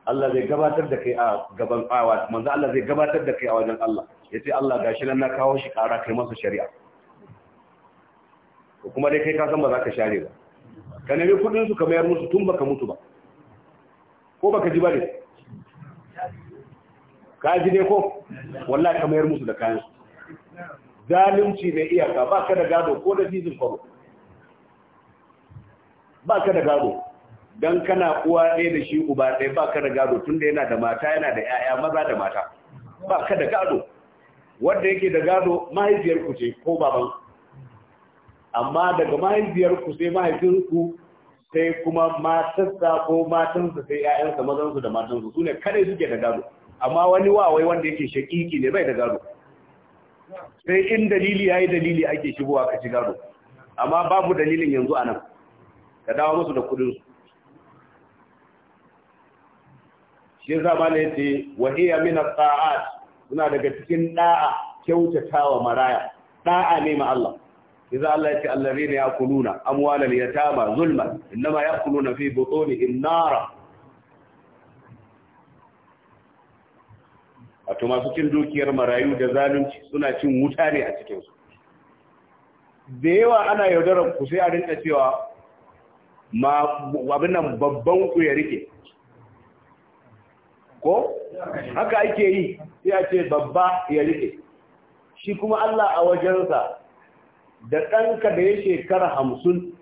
Allah zai gabatar da kai a gaban awa manzo Allah zai gabatar da kai a wajen Allah yace Allah gashi nan na kawo shi kara kai masa shari'a kuma dai kai ka san ba za ka share ba ka nemi kudin su ka mayar musu tun baka mutu ba ko baka ji ba ne ka ji ne ko wallahi ka mayar musu da kayan su zalunci mai iyaka ba ka da gado ko da jizin kwaro ba ka da gado don kana uwa ɗaya da shi uba ɗaya ba ka da gado tun da yana da mata yana da 'ya'ya maza da mata ba ka da gado wanda yake da gado mahaifiyar ku ce ko baban amma daga mahaifiyar ku sai mahaifin ku sai kuma matarsa ko matansa sai 'ya'yansa mazansu da matansu su ne kare suke da gado amma wani wawai wanda yake shaƙiƙi ne bai da gado sai in dalili ya yi dalili ake shigowa ka ci gado amma babu dalilin yanzu anan ka dawo musu da kudin su shi zamana yace wa hiya min at suna daga cikin da'a kyautatawa maraya da'a ne ma Allah إذا الله يتي الذين يأكلون أموالا يتامى ظلما إنما يأكلون في بطونهم نارا wato masu cin dukiyar marayu da zalunci suna cin wuta ne a cikinsu da yawa ana yaudarar ku sai a rinka cewa ma abin nan babban ku ya rike ko haka ake yi sai a ce babba ya rike shi kuma Allah a wajensa da ɗanka da ya shekara hamsin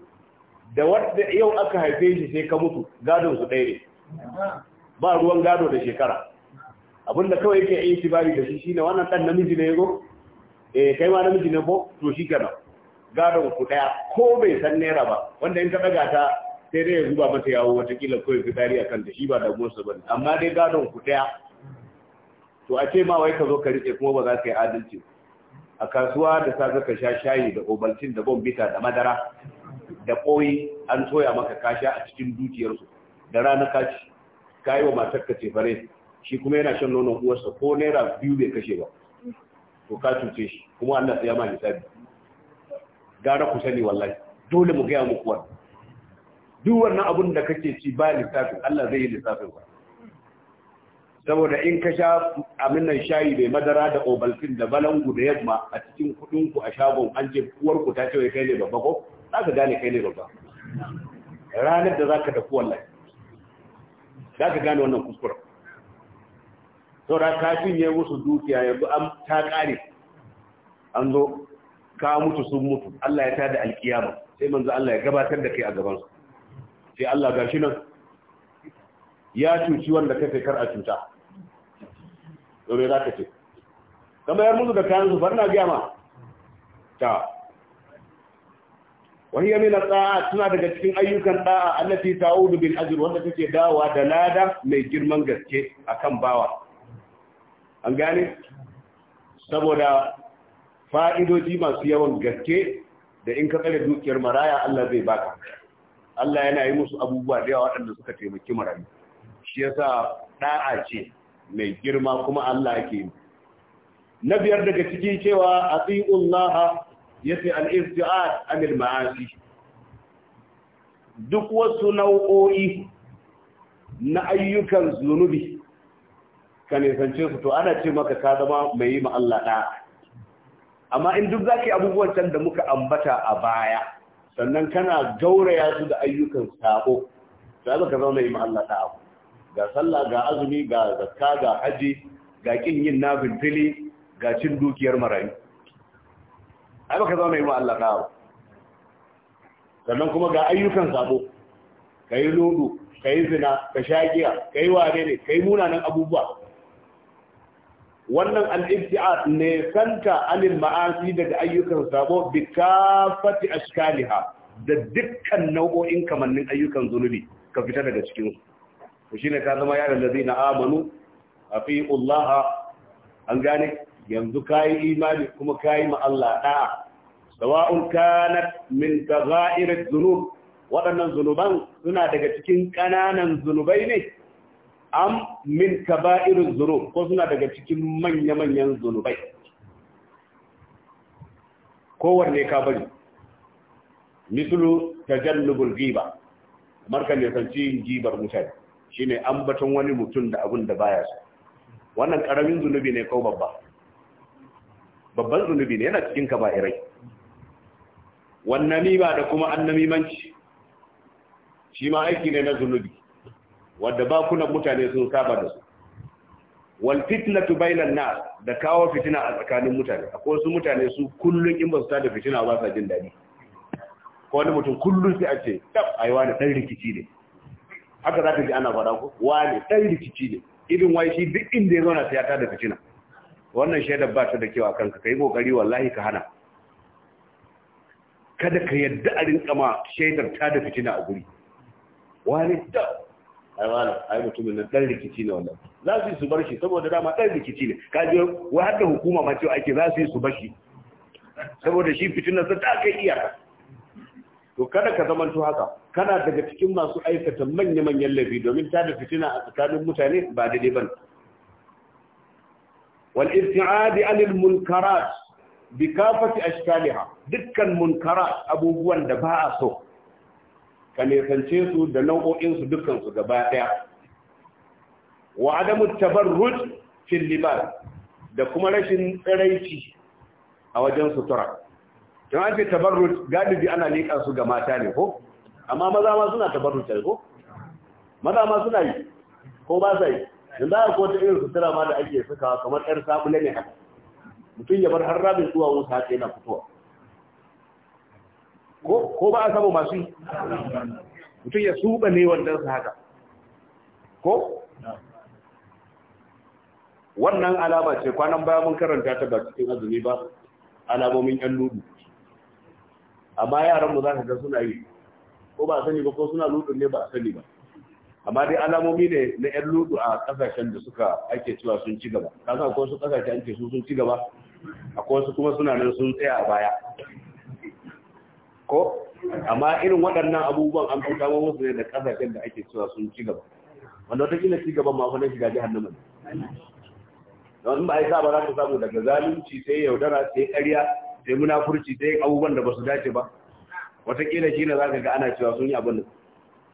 da wadda yau aka haife shi sai ka mutu gadon su ɗaya ba ruwan gado da shekara abin da kawai yake yin tibari da shi ne wannan ɗan namiji ne yago eh kai ma namiji ne ko to shi kana gadon ku daya ko bai san naira ba wanda in ka daga ta sai dai ya zuba mata yawo watakila yafi fitari a kanta shi ba da ba ne amma dai gadon ku daya to a ce ma wai ka zo ka rike kuma ba za ka yi adalci a kasuwa da sa ka sha shayi da obaltin da bombita da madara da koyi an soya maka kasha a cikin dukiyarsu da rana kaci ka yiwa wa matar ka ce shi kuma yana shan nonon uwarsa ko naira biyu bai kashe ba to ka cuce shi kuma Allah sai ya ma hisabi gara ku sani wallahi dole mu gaya muku wannan duk wannan abun da kake ci ba lissafin Allah zai yi lissafin ba saboda in ka sha amin nan shayi mai madara da obaltin da balangu da yamma a cikin kudin ku a shagon an je uwar ku ta ce kai ne babba ko za ka gane kai ne babba ranar da za ka tafi wallahi za ka gane wannan kuskuren saura kafin ya musu dukiya yanzu an ta kare an zo ka mutu sun mutu Allah ya tada alkiyama sai manzo Allah ya gabatar da kai a gaban su sai Allah gashi nan ya cuci wanda kake kar a cuta dole za ka ce kamar yar musu da kayan su bar na ma ta wahiyar mina tsa'a suna daga cikin ayyukan da'a allati ta'udu bil ajr wanda take dawa da lada mai girman gaske akan bawa an gane saboda fa'idoji masu yawan gaske da in ka tsare dukiyar maraya Allah zai baka Allah yana yi musu abubuwa da yawa waɗanda suka taimaki marayu shi yasa da'a ce mai girma kuma Allah ke yi na biyar daga ciki cewa laha ya al-isti'ad amir ma'asi duk wasu nau'o'i na ayyukan zunubi ka nisance su to ana ce maka ka zama mai yi ma Allah da amma in duk yi abubuwan can da muka ambata a baya sannan kana gauraya su da ayyukan sabo za ka zama mai yi ma Allah abu ga sallah ga azumi ga zakka ga haji ga kin yin nafin fili ga cin dukiyar marayu ai baka zama mai yi ma Allah sannan kuma ga ayyukan sabo yi lodo yi zina ka ka yi wane ne ka yi munanan abubuwa wannan al ne santa anil ma'asi daga ayyukan sabo bi kafati da dukkan nau'o'in kamannin ayyukan zunubi ka fita daga cikin su ka zama ya Nazina amanu Fiullaha? an gane yanzu kayi imani kuma kayi yi Allah da'a sawa'un kanat min taghairiz zunub waɗannan zunuban suna daga cikin ƙananan zunubai ne am min kaba'irin zuru ko suna daga cikin manya-manyan zunubai kowanne ka bari mislu tajallubul giba kamar ka nisanci gibar mutane shine ambaton wani mutum da abun da baya so wannan karamin zunubi ne ko babba babban zunubi ne yana cikin kaba'irai wannan ba da kuma annamimanci shi ma aiki ne na zunubi wadda bakunan mutane sun saba da su wal fitnatu bainan nas da kawo fitina a tsakanin mutane akwai wasu mutane su kullun in ba su tada fitina ba sa jin dadi ko wani mutum kullun sai a ce tab ai wani dan rikici ne haka za ta ji ana fara ko wani dan rikici ne irin wai shi duk inda ya zauna sai ya tada fitina wannan shaidar ba ta da kyau a kanka kai kokari wallahi ka hana kada ka yadda a rinka ma shaidar tada fitina a guri wani tab ai ai mutumin nan dan rikici ne wannan za su yi su barshi saboda dama dan rikici ne ka wai hadda hukuma ma ce ake za su yi su saboda shi fitinar sa ta kai iyaka to kada ka zamanto haka kana daga cikin masu aikata manya-manyan laifi domin ta da fitina a tsakanin mutane ba daidai ba wal ibtiadi anil munkarat bi kafati ashkaliha dukkan munkarat abubuwan da ba a so ka nesance su da nau'o'in su dukkan su gaba daya wa adamu tabarruj fil libas da kuma rashin tsiraici a wajen sutura don ake tabarruj galibi ana leƙa su ga mata ne ko amma maza ma suna tabarruj ne ko maza ma suna yi ko ba sa yi in za a ko ta irin sutura ma da ake sakawa kamar ɗan sabule ne haka mutum ya bar har rabin zuwa wuta haka na fitowa ko ba a samu masu yi mutum ya suɓa ne wannan su haka ko wannan alama ce kwanan baya mun karanta ta ba cikin azumi ba alamomin yan ludu amma yaran mu za ka ga suna yi ko ba a sani ba ko suna ludu ne ba a sani ba amma dai alamomi ne na yan ludu a kasashen da suka ake cewa sun ci gaba kaga akwai su kasashen ake su sun ci gaba akwai wasu kuma suna nan sun tsaya a baya ko amma irin waɗannan abubuwan an fi kawo musu ne da ƙasashen da ake cewa sun ci gaba wanda wata kila ci gaban ma wani shiga jihar ne don ba a yi sa ba za ka samu daga zalunci sai yaudara sai ƙarya sai munafurci sai abubuwan da ba su dace ba watakila shi ne za ka ga ana cewa sun yi abin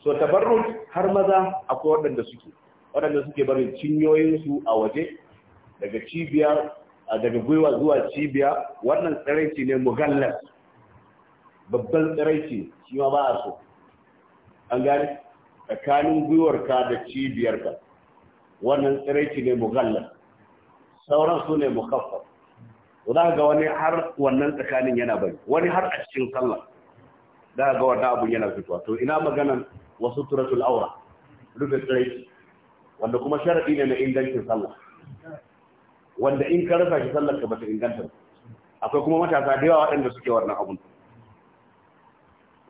so tabarruk har maza akwai waɗanda suke waɗanda suke barin cinyoyinsu a waje daga cibiya daga gwiwa zuwa cibiya wannan tsiraici ne mugallas babban tsiraici shi ma ba a so an gani tsakanin gwiwarka da cibiyarka wannan tsiraici ne mughallar sauran su ne mukhaffaf za ga wani har wannan tsakanin yana bari wani har a cikin sallah za ga wannan abun yana fitowa to ina maganan wasu turatul aura rufe tsiraici wanda kuma sharadi ne na ingancin sallah wanda in ka rasa shi sallar ka ta inganta akwai kuma matasa da yawa waɗanda suke wannan abun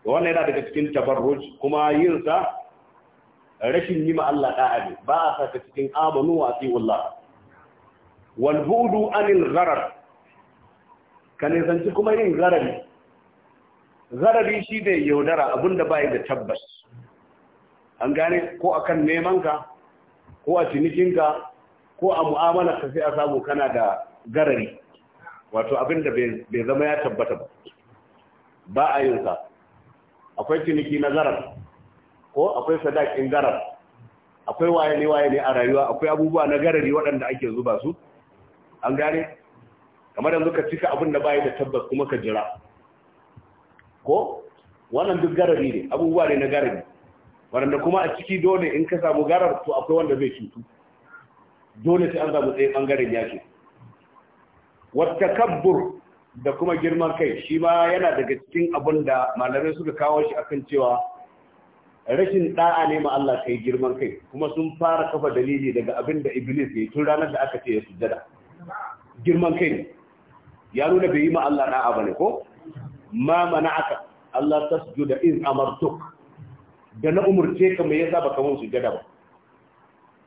wannan yana daga cikin tabarruj kuma yin sa rashin yi ma Allah da'a ne ba a saka cikin amanu wa atiullah wal budu anil gharar ka nisanci kuma yin gharari gharari shi ne yaudara abinda yi da tabbas an gane ko akan neman ka ko a cinikinka ko a mu'amala ka sai a samu kana da garari wato abinda bai zama ya tabbata ba ba a yin sa akwai ciniki na zarar ko akwai sadakin zarar akwai waye ne waye ne a rayuwa akwai abubuwa na garari waɗanda ake zuba su an gane kamar yanzu ka cika abin da bayi da tabbas kuma ka jira ko wannan duk garari ne abubuwa ne na garari waɗanda kuma a ciki dole in ka samu garar to akwai wanda zai cutu dole sai an samu tsaye ɓangaren yaki wata kabbur da kuma girman kai shi ma yana daga cikin abin da malamai suka kawo shi akan cewa rashin da'a ne ma Allah kai girman kai kuma sun fara kafa dalili daga abin da Iblis ya tun ranar da aka ce ya sujjada girman kai ne ya nuna bai yi ma Allah da'a bane ko ma aka Allah tasjuda in amartuk da na umurce ka mai yasa baka mun sujjada ba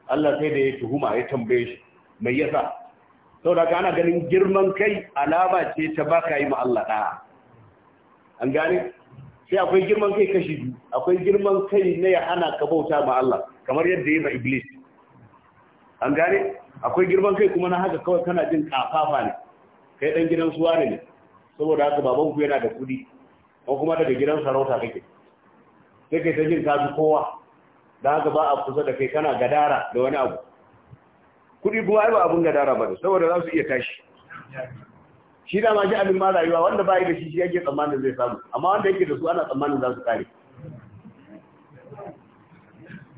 Allah sai da ya tuhuma ya tambaye shi mai yasa saboda ka ana ganin girman kai alama ce ta ba ka yi ma Allah an gane sai akwai girman kai kashi biyu akwai girman kai na ya hana ka bauta ma Allah kamar yadda ya ba iblis an gane akwai girman kai kuma na haka kawai kana jin kafafa ne kai ɗan gidan suwa ne saboda haka baban ku yana da kuɗi, ko kuma daga gidan sarauta kake sai kai ta jin ka kowa da haka ba a kusa da kai kana gadara da wani abu kuɗi kuma ai ba abun gadara ba saboda za su iya tashi shi da ma shi abin ma rayuwa wanda ba da shi shi yake tsammanin zai samu amma wanda yake da su ana tsammanin za su kare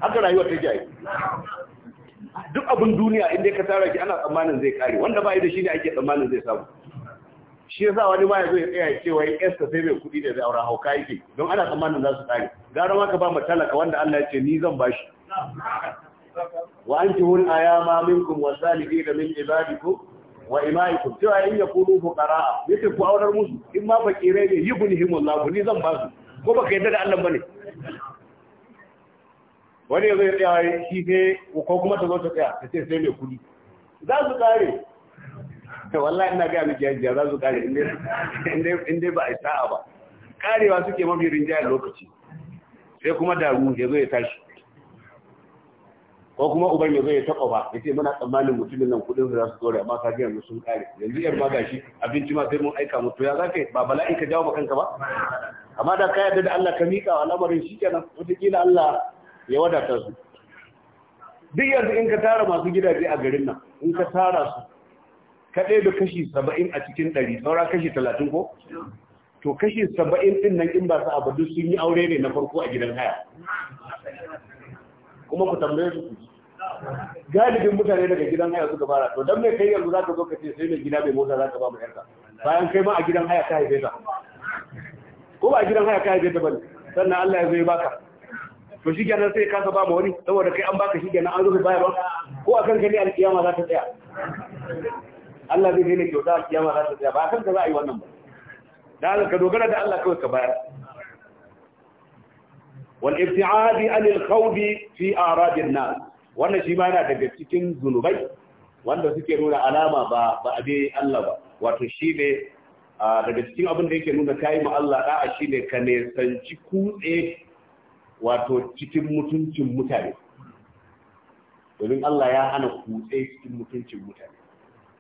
haka rayuwar ta yi duk abin duniya inda ka tara shi ana tsammanin zai kare wanda ba da shi ne ake tsammanin zai samu shi yasa wani ma yazo ya tsaya ya ce wai ta sai mai kuɗi da zai aura hauka yake don ana tsammanin za su kare gara ma ka ba mu talaka wanda Allah ya ce ni zan bashi وأنكحوا الأيام منكم والسالكين من عبادكم وإمائكم سواء إن يكونوا فقراء يتفوا أولى المسلم إما فكيرين يبنهم الله بني زنباسوا كما baka yadda بني Allah bane wani ya zai tsaya shi sai ko kuma ta zo ta tsaya ta ce sai mai kudi za su kare ta wallahi ina ga miki yajiya za su kare inda ba a sa'a ba karewa suke mafi rinjayar lokaci sai kuma daru ya zo ya tashi ko kuma uban ne zai taɓa ba ya ce muna tsammanin mutumin nan kuɗin za su tsore amma kaji yanzu sun kare yanzu yar ma gashi abinci ma sai mun aika to ya zaka ba bala'i ka jawo kanka ba amma da ka yarda da Allah ka mika wa lamarin shi kenan wataƙila Allah ya wadata su duk yanzu in ka tara masu gidaje a garin nan in ka tara su ka ɗaya da kashi saba'in a cikin ɗari saura kashi talatin ko to kashi saba'in ɗin nan in ba su abadu sun yi aure ne na farko a gidan haya kuma ku tambaye su ku galibin mutane daga gidan haya suka fara to dan me kai yanzu za ka zo ka ce sai mai gida bai mota za ka ba mu yarka bayan kai ma a gidan haya ka haife ta ko ba a gidan haya ka haife ta bane sannan Allah ya zo ya baka to shi kenan sai ka ba ma wani saboda kai an baka shi kenan an rufe ba? ko akan ka ne alkiyama za ta tsaya Allah zai ne kyauta alkiyama za ta tsaya ba kan ka za a yi wannan ba da ka dogara da Allah kawai ka bayar والابتعاد عن الخوض في fi الناس nas wannan shi ma yana daga cikin zunubai wanda suke nuna alama ba ba abe Allah ba wato shi ne daga cikin abin da yake nuna kayi ma Allah da'a shi ne ka ne sanci kutse wato cikin mutuncin mutane domin Allah ya hana kutse cikin mutuncin mutane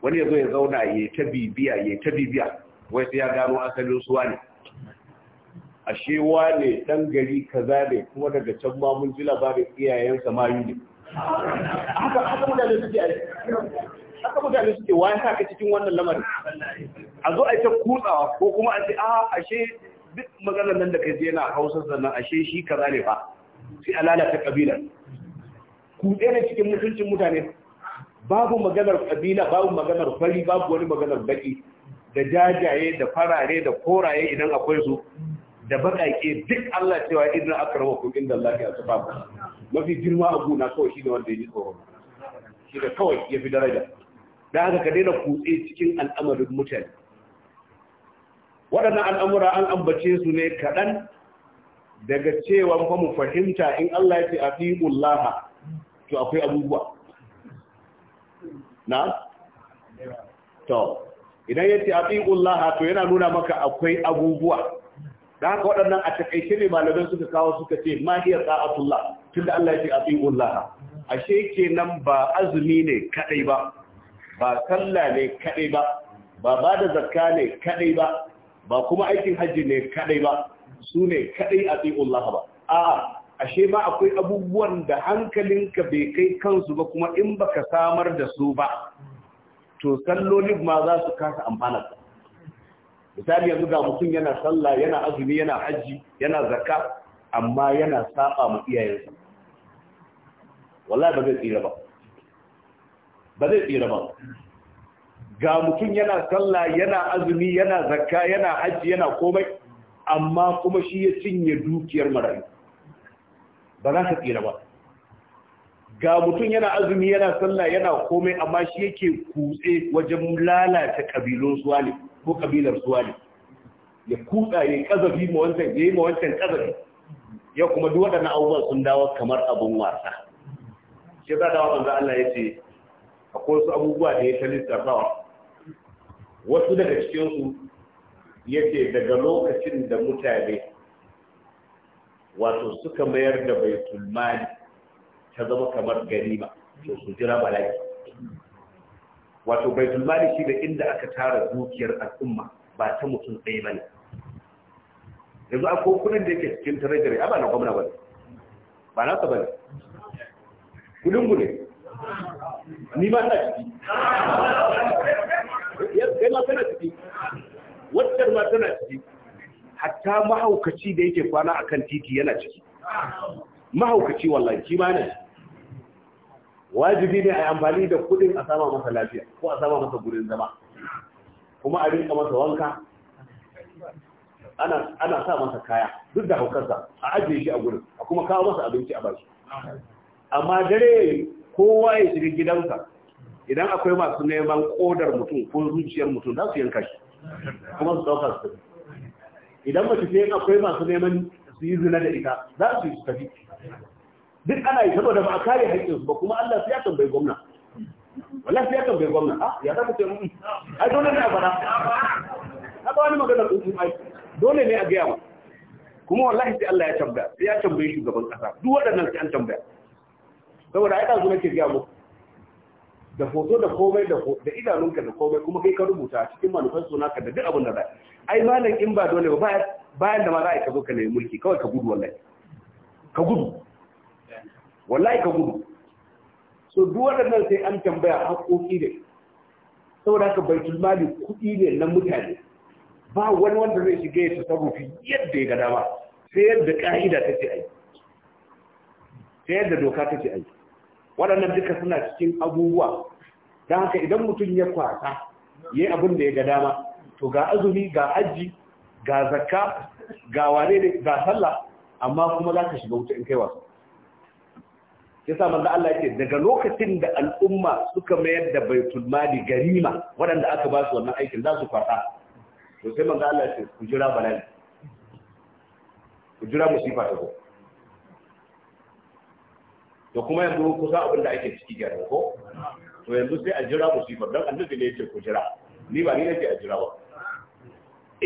wani ya zo ya zauna ya ta bibiya ya ta bibiya wai sai ya gano asalin suwa ne ashe wane dan gari kaza ne kuma daga can ma mun ji labarin sa mayu ne haka haka mutane suke haka mutane suke wani haka cikin wannan lamarin a zo a ta kutsawa ko kuma a ce a ashe duk maganar nan da kai je na hausa sannan ashe shi kaza ne fa sai a lalata kabilar kutse ne cikin mutuncin mutane babu maganar kabila babu maganar fari babu wani maganar baki da jajaye da farare da koraye idan akwai su da baƙaƙe duk Allah cewa idan aka rawa kun inda Allah ya tafa ba mafi girma abu na kawai shi ne wanda ya ji tsoron shi da kawai ya fi daraja da haka ka daina kutse cikin al'amarin mutane waɗannan al'amura an ambace su ne kaɗan daga cewa fa mu fahimta in Allah ya ce a fi ullaha to akwai abubuwa na? to idan ya ce a fi ullaha to yana nuna maka akwai abubuwa da haka waɗannan a takaice ne malaman suka kawo suka ce ma iya sa'atullah da Allah ya ce atiullah ashe kenan ba azumi ne kaɗai ba ba sallah ne kaɗai ba ba ba da zakka ne kaɗai ba ba kuma aikin hajji ne kaɗai ba su ne kadai Ullaha ba a'a ashe ma akwai abubuwan da hankalinka bai kai kansu ba kuma in baka samar da su ba to sallolin ma za su kasa amfanar misali yanzu ga mutum yana sallah yana azumi yana hajji yana zakka amma yana saba ma iyayensa wallahi ba zai tsira ba ba zai tsira ba ga mutum yana sallah yana azumi yana zakka yana hajji yana komai amma kuma shi ya cinye dukiyar marayu ba za ka tsira ba ga mutum yana azumi yana sallah yana komai amma shi yake kutse wajen lalata kabilun su ne ko kabilar suwa ne ya kutsa ya kazafi ma wancan ya yi ma wancan kazafi ya kuma duk waɗannan abubuwan sun dawo kamar abun wasa shi za da wa Allah ya ce akwai wasu abubuwa da ya ta lissafawa wasu daga cikinsu ya ce daga lokacin da mutane wato suka mayar da bai tulmani ta zama kamar ganima to su jira bala'i wato baitul mali shi da inda aka tara dukiyar al'umma ba ta mutum ɗaya bane yanzu a kokunan da yake cikin tarajari a ba na gwamna ne, ba na bane kudin mu ni ma na ciki kai ma tana ciki wadda ma tana ciki hatta mahaukaci da yake kwana akan titi yana ciki mahaukaci wallahi shi ma na ciki wajibi ne a yi amfani da kudin a sama masa lafiya ko a sama masa gurin zama kuma a rinka masa wanka ana sa masa kaya duk da haukarsa a ajiye shi a gurin a kuma kawo masa abinci a bashi amma dare kowa ya shiga gidansa idan akwai masu neman kodar mutum ko zuciyar mutum za su yanka shi kuma su ɗauka su idan mace ce akwai masu neman su yi zina da ita za su yi su tafi duk ana yi saboda ba a kare haƙƙin ba kuma Allah sai ya tambayi gwamna wallahi sai ya tambayi gwamna ah ya za ka ce mun ai dole ne a fara na ba wani magana tsuntsun ai dole ne a gaya ma kuma wallahi sai Allah ya tambaya sai ya tambayi shugaban kasa duk waɗannan sai an tambaya saboda ai ɗazu nake gaya muku da hoto da komai da idanunka da komai kuma kai ka rubuta cikin manifesto naka da duk abin da za ai malam in ba dole ba bayan da ma za a yi ka zo ka nemi mulki kawai ka gudu wallahi ka gudu wallahi ka gudu so duk waɗannan sai an tambaya haƙoƙi ne saboda haka baitul mali kuɗi ne na mutane ba wani wanda zai shiga ya tasarrufi yadda ya ga dama sai yadda ƙa'ida ta ce ai sai yadda doka ta ce ai waɗannan duka suna cikin abubuwa don haka idan mutum ya kwasa ya yi abin da ya ga dama to ga azumi ga aji, ga zakka ga wane ne ga sallah amma kuma za ka shiga wuta in kai wasu yasa manzo Allah yake daga lokacin da al'umma suka mayar da baitul mali garima waɗanda aka ba su wannan aikin za su farka to sai manzo Allah yake ku jira bala'i ku jira musifa ta to kuma yanzu kusa abin da ake ciki gyaran ko to yanzu sai a jira musifar don annabi ne yake ku jira ni ba ni nake a jira ba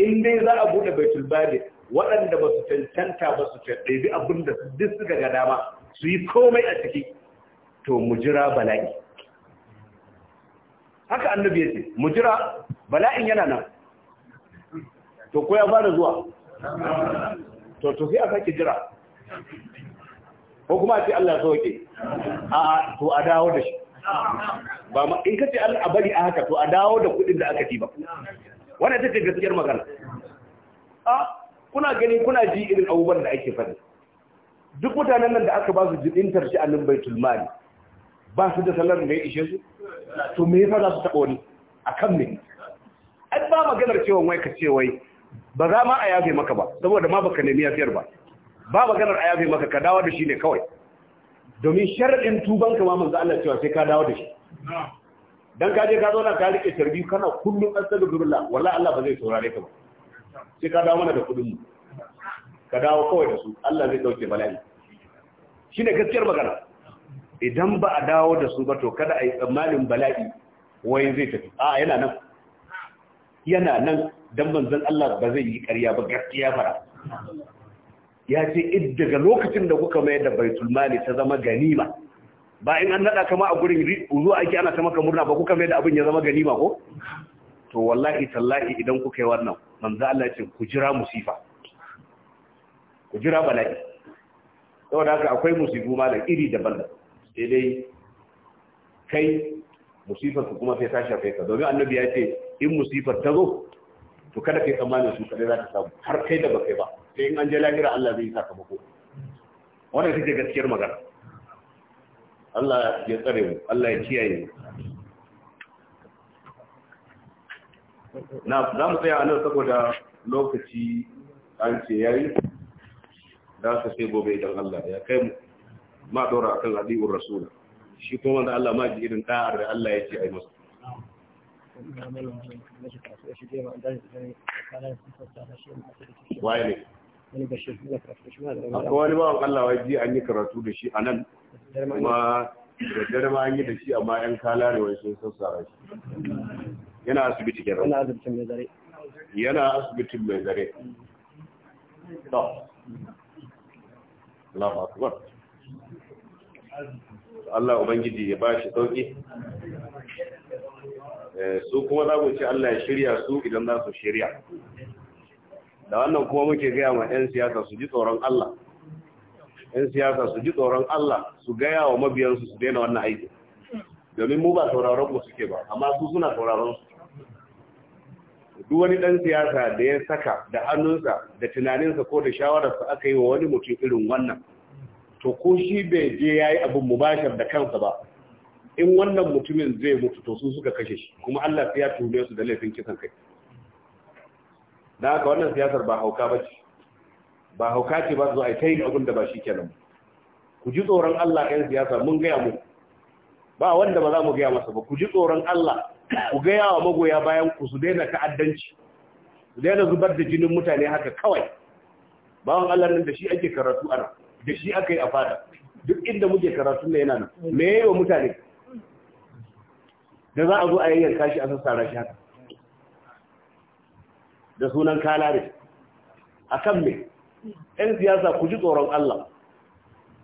in dai za a bude baitul mali waɗanda ba su cancanta ba su tsaye abin da duk suka ga dama su yi komai a ciki to mu jira bala'i haka annabi yace mu jira bala'in yana nan to ko ya fara zuwa to to sai a sake jira ko kuma a ce Allah ya sauke a to a dawo da shi ba ma in ka ce Allah a bari a haka to a dawo da kudin da aka ci ba wannan take gaskiyar magana a kuna gani kuna ji irin abubuwan da ake faɗi duk mutanen nan da aka ba su jidintar shi a nan bai mali ba su da salar mai ishe su to me yasa za su taɓa wani a kan me an ba maganar cewa wai ka ce wai ba za ma a yafe maka ba saboda ma baka nemi yafiyar ba ba maganar a yafe maka ka dawo da shi ne kawai domin sharaɗin tuban ka kama manzo Allah cewa sai ka dawo da shi dan ka je ka zo na ka rike tarbi kana kullum astaghfirullah wallahi Allah ba zai saurare ka ba sai ka dawo mana da kudin mu ka dawo kawai da su Allah zai dauke bala'i shine gaskiyar magana idan ba a dawo da su ba to kada a yi tsammanin bala'i wai zai tafi a yana nan yana nan dan manzon Allah ba zai yi ƙarya ba gaskiya fara ya ce daga lokacin da kuka mayar da baitul mali ta zama ganima ba in an nada kama a gurin zuwa ake ana ta maka murna ba kuka mayar da abin ya zama ganima ko to wallahi tallahi idan kuka yi wannan manzo Allah ya ce ku jira musifa ku jira bala'i saboda haka akwai musibu da iri daban da sai dai kai musifar ku kuma sai ta shafe ka domin annabi ya ce in musifar ta zo to kada kai tsammanin su kada za ta samu har kai da bakai ba sai in an je lahira Allah zai yi sakamako wannan take gaskiyar magana Allah ya tsare mu Allah ya kiyaye mu na za mu tsaya a nan saboda lokaci an ce yayi da aka sai gobe idan Allah ya kai mu ma dora akan hadi'ur rasul shi kuma wanda Allah ma ji irin da'ar da Allah ya ce ai masa waye ne ba wani Allah wai ji an yi karatu da shi a nan kuma da dare ma an yi da shi amma yan kalare wai sun sassara
shi
yana asibiti kenan yana asibitin mai zare yana asibitin mai zare Allahu akbar
Allah ubangiji ya ba shi sauki eh, su kuma za ku ci Allah ya shirya
su idan za su shirya da wannan kuma muke gaya ma 'yan siyasa su ji tsoron Allah 'yan siyasa su ji tsoron Allah su gaya wa mabiyansu su daina wannan aiki domin mu ba sauraron mu suke ba amma su suna sauraron su duk wani dan siyasa da ya saka da hannunsa da tunaninsa ko da shawararsa aka yi wa wani mutum irin wannan to ko shi bai je ya yi abin mubashar da kansa ba in wannan mutumin zai mutu to sun suka kashe shi kuma Allah sai ya tuhume su da laifin kisan kai da haka wannan siyasar ba hauka ba ce ba hauka ce ba zo a ta yin abin da ba shi kenan ku ji tsoron Allah 'yan siyasa mun gaya mu ba wanda ba za mu gaya masa ba ku ji tsoron Allah ku gaya wa magoya bayan ku su daina ta'addanci su daina zubar da jinin mutane haka kawai bawan Allah nan da shi ake karatu ana da shi aka yi a fada duk inda muke karatu na yana nan me yayi wa mutane da za a zo a yayyanka kashi a sassara shi haka da sunan kalare akan me ɗan siyasa ku ji tsoron Allah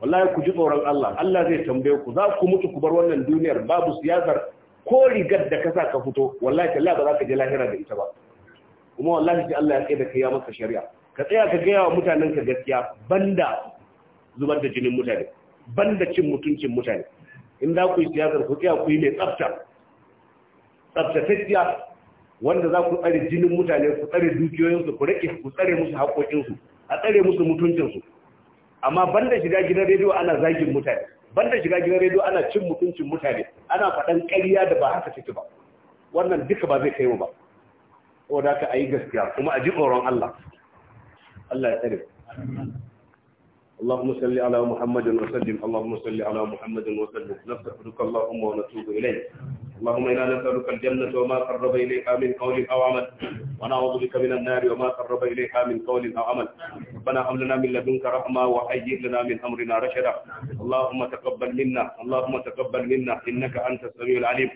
wallahi ku ji tsoron Allah Allah zai tambaye ku za ku mutu ku bar wannan duniyar babu siyasar ko rigar da ka sa ka fito wallahi Allah ba za ka je lahira da ita ba kuma wallahi ji Allah ya kai da kai ya maka shari'a ka tsaya ka gaya wa mutanen ka gaskiya banda zubar da jinin mutane banda cin mutuncin mutane in za ku yi siyasar ku tsaya ku yi mai tsafta tsaftatacciya wanda za ku tsare jinin mutane ku tsare dukiyoyinsu ku rike ku tsare musu haƙoƙinsu a tsare musu mutuncinsu amma banda shiga gidan rediyo ana zagin mutane banda shiga gidan rediyo ana cin mutuncin mutane ana faɗan ƙarya da ba haka take ba wannan duka ba zai kai mu ba ko da ka ayi gaskiya kuma a ji tsoron Allah Allah ya tsare اللهم صل على محمد وسلم اللهم صل على محمد وسلم نستغفرك اللهم ونتوب اليك اللهم انا نسالك الجنه وما قرب اليها من قول او عمل ونعوذ بك من النار وما قرب اليها من قول او عمل ربنا هب لنا من لدنك رحمه وهيئ لنا من امرنا رشدا اللهم تقبل منا اللهم تقبل منا انك انت السميع العليم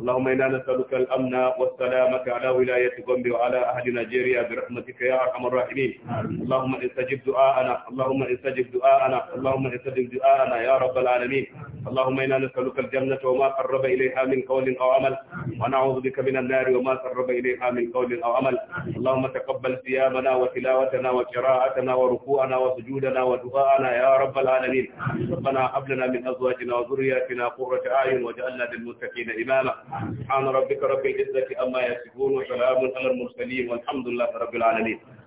اللهم انا نسالك الامن والسلامه على ولايه غومبي وعلى اهل نيجيريا برحمتك يا ارحم الراحمين اللهم استجب دعاءنا اللهم استجب سدد دعاءنا اللهم سدد دعاءنا يا رب العالمين اللهم إنا نسألك الجنة وما قرب إليها من قول أو عمل ونعوذ بك من النار وما قرب إليها من قول أو عمل اللهم تقبل صيامنا وتلاوتنا وقراءتنا وركوعنا وسجودنا ودعاءنا يا رب العالمين ربنا هب لنا من أزواجنا وذرياتنا قرة أعين واجعلنا للمتقين إماما سبحان ربك رب العزة أما يصفون وسلام على المرسلين والحمد
لله رب العالمين